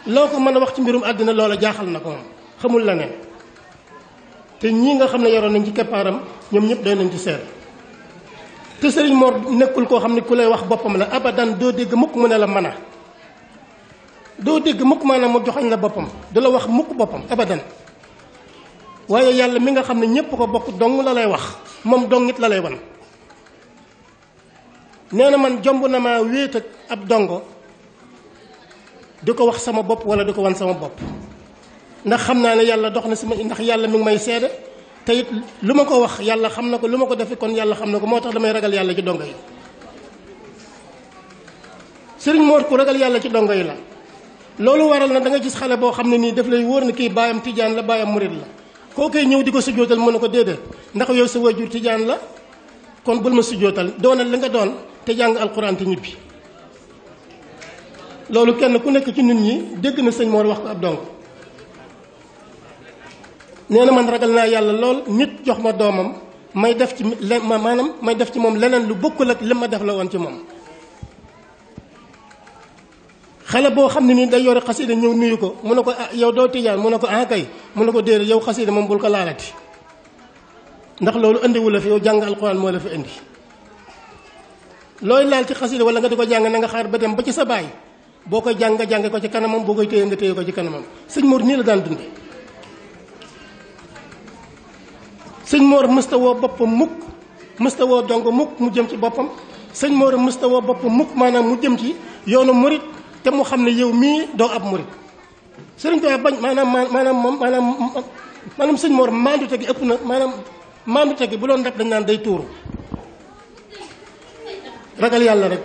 loo ko mën a wax ci mbirum àddina loola jaaxal na ko moom xamul la ne te ñii nga xam ne yoroon nañ ci keppaaram ñoom ñëpp doy nañ ci seer te sëriñ Moor nekkul koo xam ne ku lay wax boppam la abadan doo dégg mukk mu ne la mën a doo dégg mukk maanaam mu joxañ la boppam du la wax mukk boppam abadan waaye yàlla mi nga xam ne ñépp ko bokk dong la lay wax moom dong it la lay wan nee na man jomb na maa wéet ak ab dongo di ko wax sama bopp wala di ko wan sama bopp ndax xam naa ne yàlla dox na si ma ndax yàlla mi ngi may seede te it lu ma ko wax yàlla xam na ko lu ma ko defe kon yàlla xam na ko moo tax damay ragal yàlla ci dongo yi sëriñ Mor ku ragal yàlla ci dongo yi la loolu waral na da nga gis xale boo xam ne nii daf lay wóor ne kii baayam tijaan la baayam murit la koo koy ñëw di ko sujjootal mën a ko déedéet ndax yow sa waajur tijaan la kon bul ma sujjootal doonal li nga doon te jàng alxuraan te ñibbi loolu kenn ku nekk ci nit ñi dégg na sëñ Mor wax ko ab donc nee na man ragal naa yàlla lool nit jox ma doomam may def ci ma maanaam may def ci moom leneen lu bokkul ak li ma def la woon ci moom xale boo xam ne nii day yore xasida ñëw nuyu ko mu ne ko ah yow doo tijaan mu ne ko ah kay mu ne ko déedéet yow xasida moom bul ko laalati ndax loolu indiwu la fi yow jàng alxuraan moo la fi indi looy laal ci xasida wala nga di ko jàng na nga xaar ba dem ba ci sa baay boo koy jàng nga jàng ko ci kanamam boo koy téye nga téye ko ci kanamam sëñ Mor nii la daan dunde sëñ Mor mësta woo boppam mukk mësta woo donc mukk mu jëm ci boppam sëñ Mor mësta woo boppam mukk maanaam mu jëm ci yoonu murit te mu xam ne yow mii doo ab murit sëriñ Tuubaa bañ maanaam maanaam moom maanaam maanaam sëñ Mor maandute gi ëpp na maanaam maandute tege bu doon dab dañ naan day tuuru ragal yàlla rek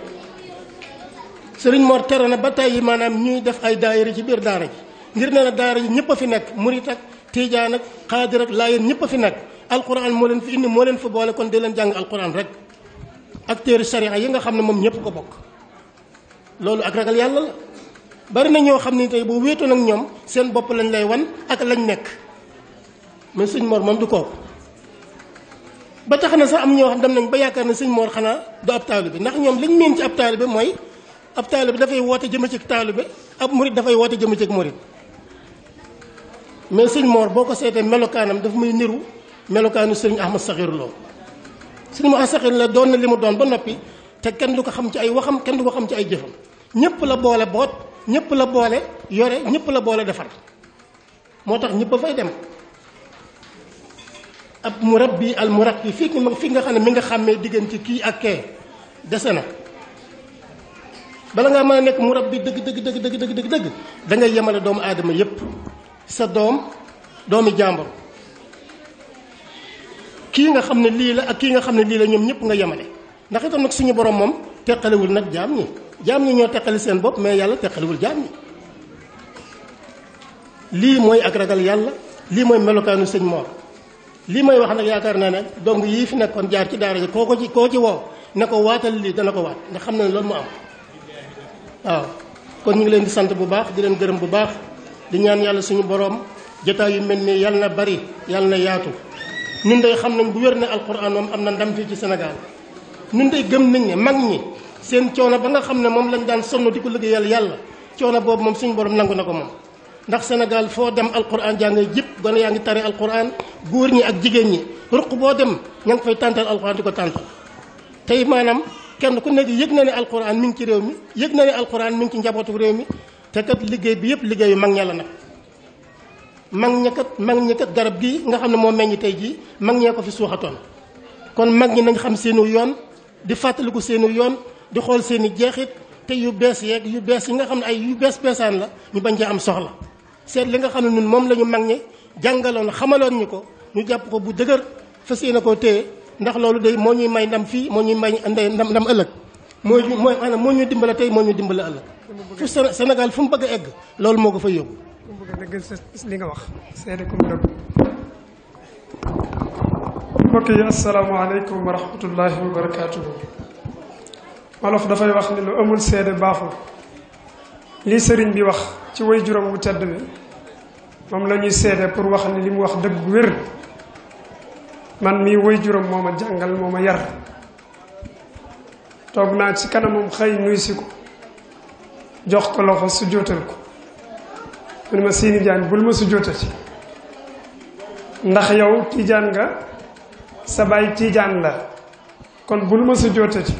sëriñ Mor tere na ba tey maanaam ñuy def ay daayira ci biir daara ji ngir nee na daara ji a fi nekk murit ak tiijaan ak xaadir ak laayeen ñëpp a fi nekk alquran moo leen fi indi moo leen fi boole kon di leen jàng alquran rek ak téere yi nga xam ne moom ñëpp ko bokk loolu ak ragal yàlla la bari na ñoo xam ne tey boo wéetoon nag ñoom seen bopp lañ lay wan ak lañ nekk mais sëñ moor moom du kooku ba tax na sax am ñoo xam dem nañ ba yaakaar ne sëñ Mor xanaa du ab taalibe ndax ñoom liñ meen ci ab taalibe mooy ab taalibe dafay woote jëme ci taalibe ab murit dafay woote jëme ci murit mais sëñ moor boo ko seetee melokaanam dafa muy niru melokaanu sëriñ Ahmad Saxiir Lo sëriñ Ahmad Saxiir la doon na li mu doon ba noppi te kenn du ko xam ci ay waxam kenn du ko xam ci ay jëfam ñëpp la boole boot ñëpp la boole yore ñëpp la boole defar moo tax ñëpp a fay dem ab murabbi al murabbi fii nga xam ne mi nga xàmmee diggante kii ak kee dese na bala ngaa mën a nekk murabbi dëgg dëgg dëgg dëgg dëgg dëgg dëgg da doomu aadama yépp sa doom doomi jàmbur kii nga xam ne lii la ak kii nga xam ne lii la ñoom ñëpp nga yemale ndax itam nag suñu borom moom teqalewul nag jaam ñi jaam ñi ñoo teqali seen bopp mais yàlla teqalewul jaam ñi lii mooy ak ragal yàlla lii mooy melokaanu sëñ Mor lii may wax nag yaakaar naa ne dong yii fi nekkoon jaar ci daara ji koo ko ci koo ci wow ne ko waatal lii dana ko waat ndax xam na ne loolu mu am waaw kon ñu ngi leen di sant bu baax di leen gërëm bu baax di ñaan yàlla suñu boroom jotaay yu mel nii yàlla na bari yàlla na yaatu ñun day xam nañ bu wér ne alquran moom am na ndam fii ci Sénégal ngi day gëm nañ ne mag ñi seen coono ba nga xam ne moom lañ daan sonn di ko liggéeyal yàlla coono boobu moom suñu borom nangu na ko moom ndax Sénégal foo dem alquran jaa ngay jëpp gone yaa ngi tari alquran góor ñi ak jigéen ñi ruq boo dem ña koy tàntal alquran di ko tàntal tey maanaam kenn ku nekk yëg na ne alquran mi ngi ci réew mi yëg na ne alquran mi ngi ci njabootu réew mi te kat liggéey bi yëpp liggéeyu mag ña la nag mag ña kat mag ña kat garab gi nga xam ne moo meññ tey jii mag ñee ko fi suuxatoon kon mag ñi nañ xam seenu yoon di fàttaliku seeni yoon di xool seeni jeexit te yu bees yeeg yu bees yi nga xam ne ay yu bees beesaan la ñu bañ cee am soxla seet li nga xam ne ñun moom la ñu mag ñi jàngaloon xamaloon ñu ko ñu jàpp ko bu dëgër fas yéene ko téye ndax loolu day moo ñuy may ndam fii moo ñuy may ndam ndam ëllëg moo ñu mooy maanaam moo ñuy dimbale tey moo ñuy dimbale ëllëg fu Sénégal fu mu bëgg a egg loolu moo ko fa yóbbu li nga wax mbokk yi asalaamaaleykum wa rahmatullahi wa barakaatuhu wolof dafay wax ni lu amul seede baaxul li sëriñ bi wax ci way juróom wu tedd bi moom lañuy ñuy seede pour wax ni li mu wax dëgg bu wér man mii way juróom moo ma jàngal moo ma yar toog naa ci kanamam xëy nuy si ko jox ko loxo su ko mu ma siini jaan bul ma su jootati ndax yow tijaan nga sa baay tiijaan la kon bu nu ma sa jootati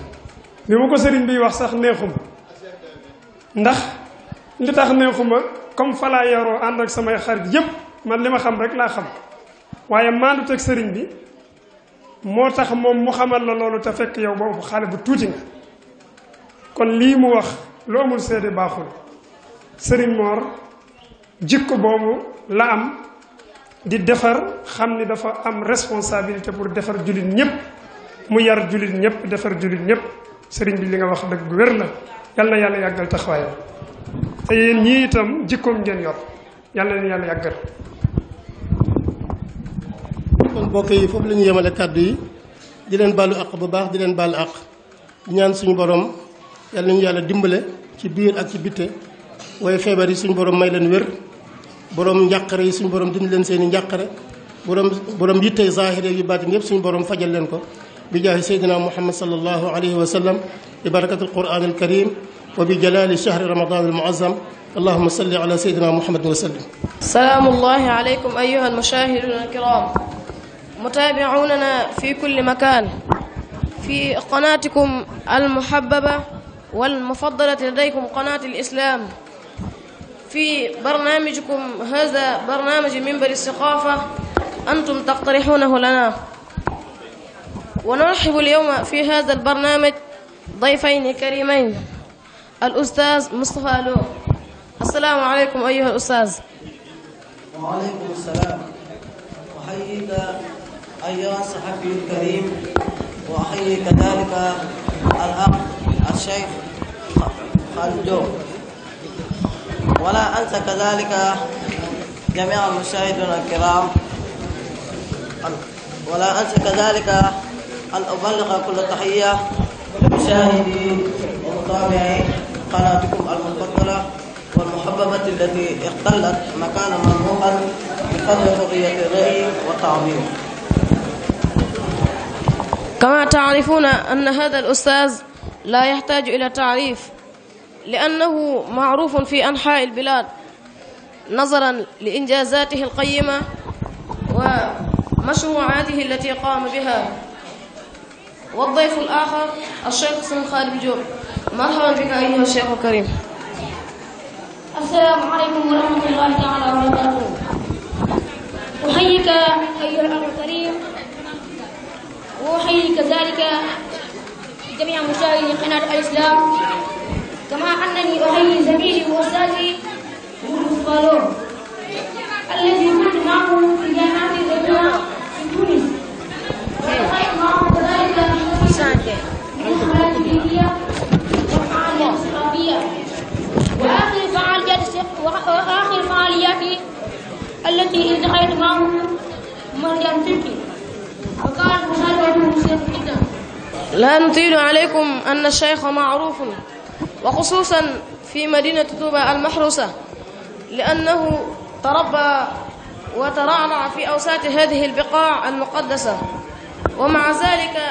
li ma ko sëriñ bi wax sax neexuma ndax li tax neexuma comme falaa yaroo ànd ak samay xarit yépp man li ma xam rek laa xam waaye maandu teg sëriñ bi moo tax moom mu xamal la loolu te fekk yow boobu xale bu tuuti nga kon lii mu wax lu amul seede baaxul sëriñ Mor jikko boobu la am di defar xam ni dafa am responsabilité pour defar jullit ñëpp mu yar jullit ñëpp defar jullit ñëpp sëriñ bi li nga wax dëgg wér la yal na yàlla yàggal taxawaayam te yéen ñii itam jikkoom ngeen yor yal na leen yàlla yàggal. kon mbokk yi foofu la ñu yemale kàddu yi di leen baalu àq bu baax di leen baalu àq di ñaan suñu borom yal nañu yàlla dimbale ci biir ak ci bitte waaye feebar yi suñu borom may leen wér. borom njàqare yi suñu borom dindi leen seen i njàqare borom borom yitte zahire yu baatin yëpp suñu borom fajal leen ko bi jaahi sayyidina muhammad sallallahu alayhi wa sallam bi barakati alquran alkarim wa bi jalali shahri ramadan almuazzam allahuma salli ala sayyidina muhammadin wa sallim salaamullahi alaykum ayuha almushahiduna alkiram mutaabiunana fi kulli makan fi qanaatikum almuhabbaba walmufaddalati ladaykum qanaati alislam في برنامجكم هذا برنامج منبر الثقافة أنتم تقترحونه لنا ونرحب اليوم في هذا البرنامج ضيفين كريمين الأستاذ مصطفى لو السلام عليكم أيها الأستاذ وعليكم السلام أحييك أيها الصحفي الكريم وأحيي كذلك الأخ الشيخ خلدو ولا أنسى كذلك جميع المشاهدين الكرام ولا أنسى كذلك أن أبلغ كل تحية لمشاهدي ومتابعي قناتكم المفضلة والمحببة التي اختلت مكانا مرموقا بقدر حرية الرأي والتعظيم كما تعرفون أن هذا الأستاذ لا يحتاج إلى تعريف لأنه معروف في أنحاء البلاد نظرا لإنجازاته القيمة ومشروعاته التي قام بها والضيف الآخر الشيخ حسن خالد الجوب مرحبا بك أيها الشيخ الكريم السلام عليكم ورحمة الله تعالى وبركاته أحييك أيها الأخ الكريم وأحيي كذلك جميع مشاهدي قناة الإسلام كما أنني أحيي زميلي وأستاذي يوسف فالور الذي كنت معه في جامعة الجامعة في تونس ودخلت معه كذلك في رحلات دينية وفعاليات ثقافية وآخر فعاليات وآخر فعالياتي التي التقيت معه مريم تركي وكانت مشاركته شيخ جدا لا نطيل عليكم أن الشيخ معروف وخصوصا في مدينة طوبى المحروسة لأنه تربى وترعرع في أوساط هذه البقاع المقدسة ومع ذلك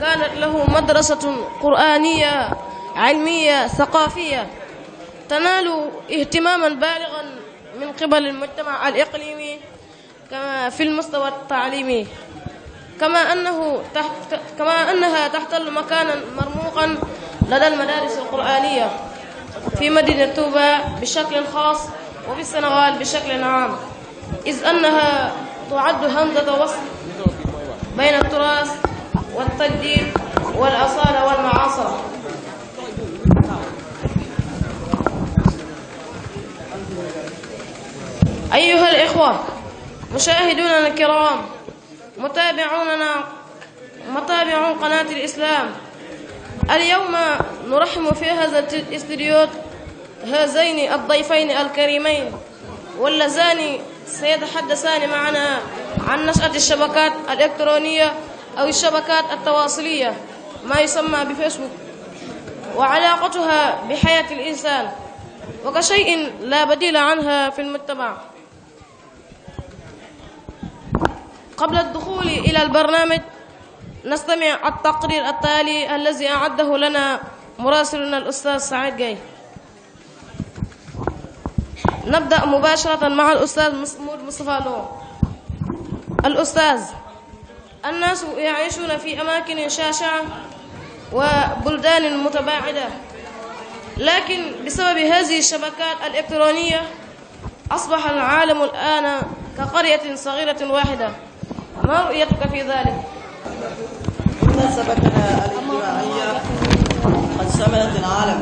كانت له مدرسة قرآنية علمية ثقافية تنال اهتماما بالغا من قبل المجتمع الإقليمي كما في المستوى التعليمي كما أنه تحت كما أنها تحتل مكانا مرموقا لدى المدارس القرآنية في مدينة توبة بشكل خاص وفي السنغال بشكل عام إذ أنها تعد هندسة وصل بين التراث والتجديد والأصالة والمعاصرة أيها الإخوة مشاهدونا الكرام متابعوننا متابعون قناة الإسلام اليوم نرحب في هذا الاستديو هذين الضيفين الكريمين واللذان سيتحدثان معنا عن نشأة الشبكات الإلكترونية أو الشبكات التواصلية ما يسمى بفيسبوك وعلاقتها بحياة الإنسان وكشيء لا بديل عنها في المجتمع قبل الدخول إلى البرنامج نستمع التقرير التالي الذي أعده لنا مراسلنا الأستاذ سعيد جاي نبدأ مباشرة مع الأستاذ محمود مصطفى لو الأستاذ الناس يعيشون في أماكن شاشعة وبلدان متباعدة لكن بسبب هذه الشبكات الإلكترونية أصبح العالم الآن كقرية صغيرة واحدة ما رؤيتك في ذلك؟ مناسبتنا الاجتماعية قد سمعت العالم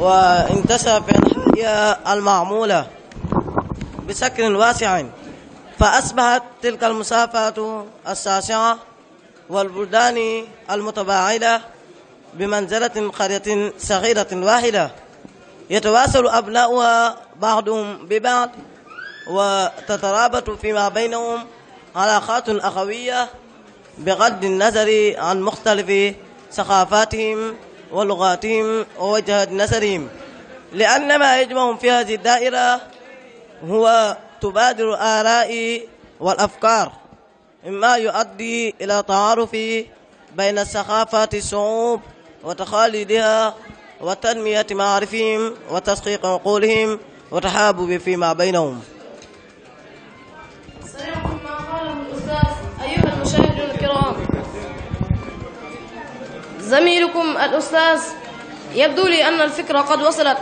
وانتشر في الحياة المعمولة بشكل واسع فأصبحت تلك المسافات الشاسعة والبلدان المتباعدة بمنزلة قرية صغيرة واحدة يتواصل أبناؤها بعضهم ببعض وتترابط فيما بينهم علاقات أخوية بغض النظر عن مختلف ثقافاتهم ولغاتهم ووجهة نظرهم لأن ما يجمعهم في هذه الدائرة هو تبادل آراء والأفكار مما يؤدي إلى تعارف بين ثقافات الشعوب وتخاليدها وتنمية معارفهم وتسقيق عقولهم وتحابب فيما بينهم زميلكم الأستاذ يبدو لي أن الفكرة قد وصلت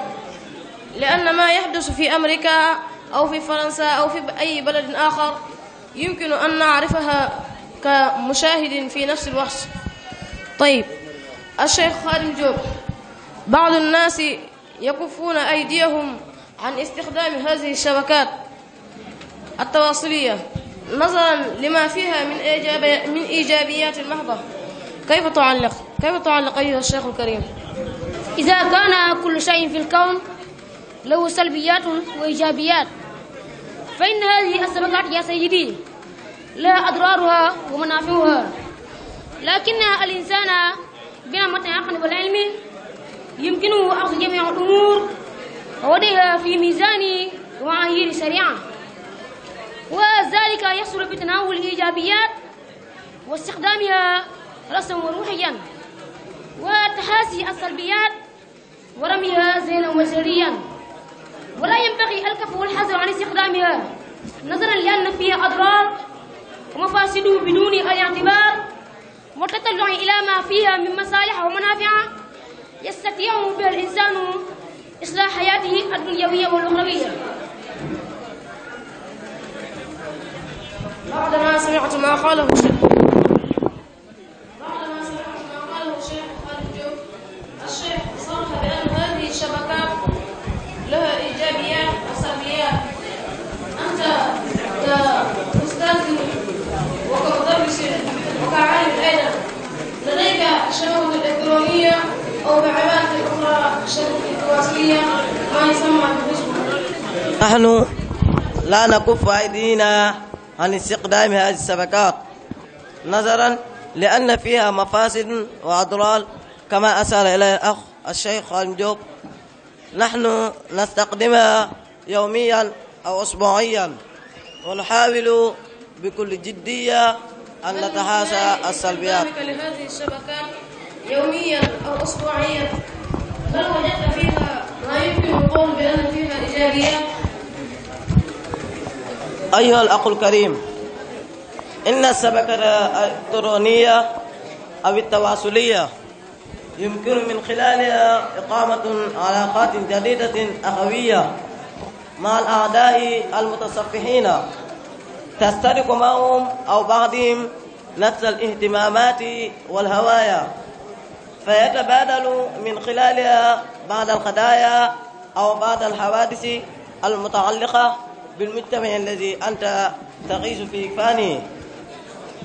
لأن ما يحدث في أمريكا أو في فرنسا أو في أي بلد آخر يمكن أن نعرفها كمشاهد في نفس الوقت طيب الشيخ خادم جوب بعض الناس يكفون أيديهم عن استخدام هذه الشبكات التواصلية نظرا لما فيها من إيجابيات المحضة كيف تعلق كيف تعلق أيها الشيخ الكريم إذا كان كل شيء في الكون له سلبيات وإيجابيات فإن هذه السبكات يا سيدي لا أضرارها ومنافعها لكن الإنسان بنعمة العقل والعلم يمكنه أخذ جميع الأمور ووضعها في ميزان ومعايير سريعة وذلك يحصل بتناول الإيجابيات واستخدامها رسما وروحيا وتحاسي السلبيات ورميها زينا وجريا ولا ينبغي الكف والحذر عن استخدامها نظرا لأن فيها أضرار ومفاسد بدون الاعتبار والتطلع إلى ما فيها من مصالح ومنافع يستطيع بها الإنسان إصلاح حياته الدنيوية والأخروية بعد ما سمعت ما قاله الشيخ عقل ما سمعنا عمله الشيخ خالد جوب الشيخ صرح بأن هذه الشبكة لها إيجابيات وسلبيات أنت كأستاذ وكمدرس وكعالم أيضا لديك الشبكة الإلكترونية أو بعبارة أخرى الشبكة التواصلية ما يسمى بالفيسبوك نحن لا نكف أيدينا عن استخدام هذه الشبكات نظرا لأن فيها مفاسد وأضرار كما أسأل إليه الأخ الشيخ المجوب نحن نستخدمها يوميا أو أسبوعيا ونحاول بكل جدية أن نتحاشى السلبيات لهذه الشبكات يوميا أو أسبوعيا هل وجدت فيها ما يمكن القول بأن فيها إيجابيات؟ أيها الأخ الكريم إن السبكة الإلكترونية أو التواصلية يمكن من خلالها إقامة علاقات جديدة أخوية مع الأعداء المتصفحين تشترك معهم أو بعضهم نفس الاهتمامات والهوايا فيتبادل من خلالها بعض القضايا أو بعض الحوادث المتعلقة بالمجتمع الذي أنت تعيش في فانه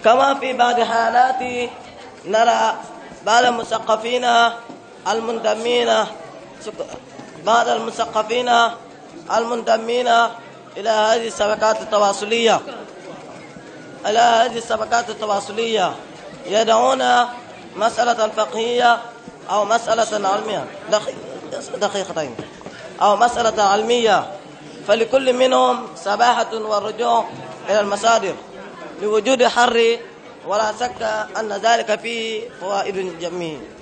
كما في بعض حالات نرى بعض المثقفين المنضمين بعض المثقفين المنضمين إلى هذه الشبكات التواصلية إلى هذه الشبكات التواصلية يدعون مسألة فقهية أو مسألة علمية دقيقتين أو مسألة علمية فلكل منهم سباحة والرجوع إلى المصادر لوجود حر ولا شك أن ذلك فيه فوائد جميل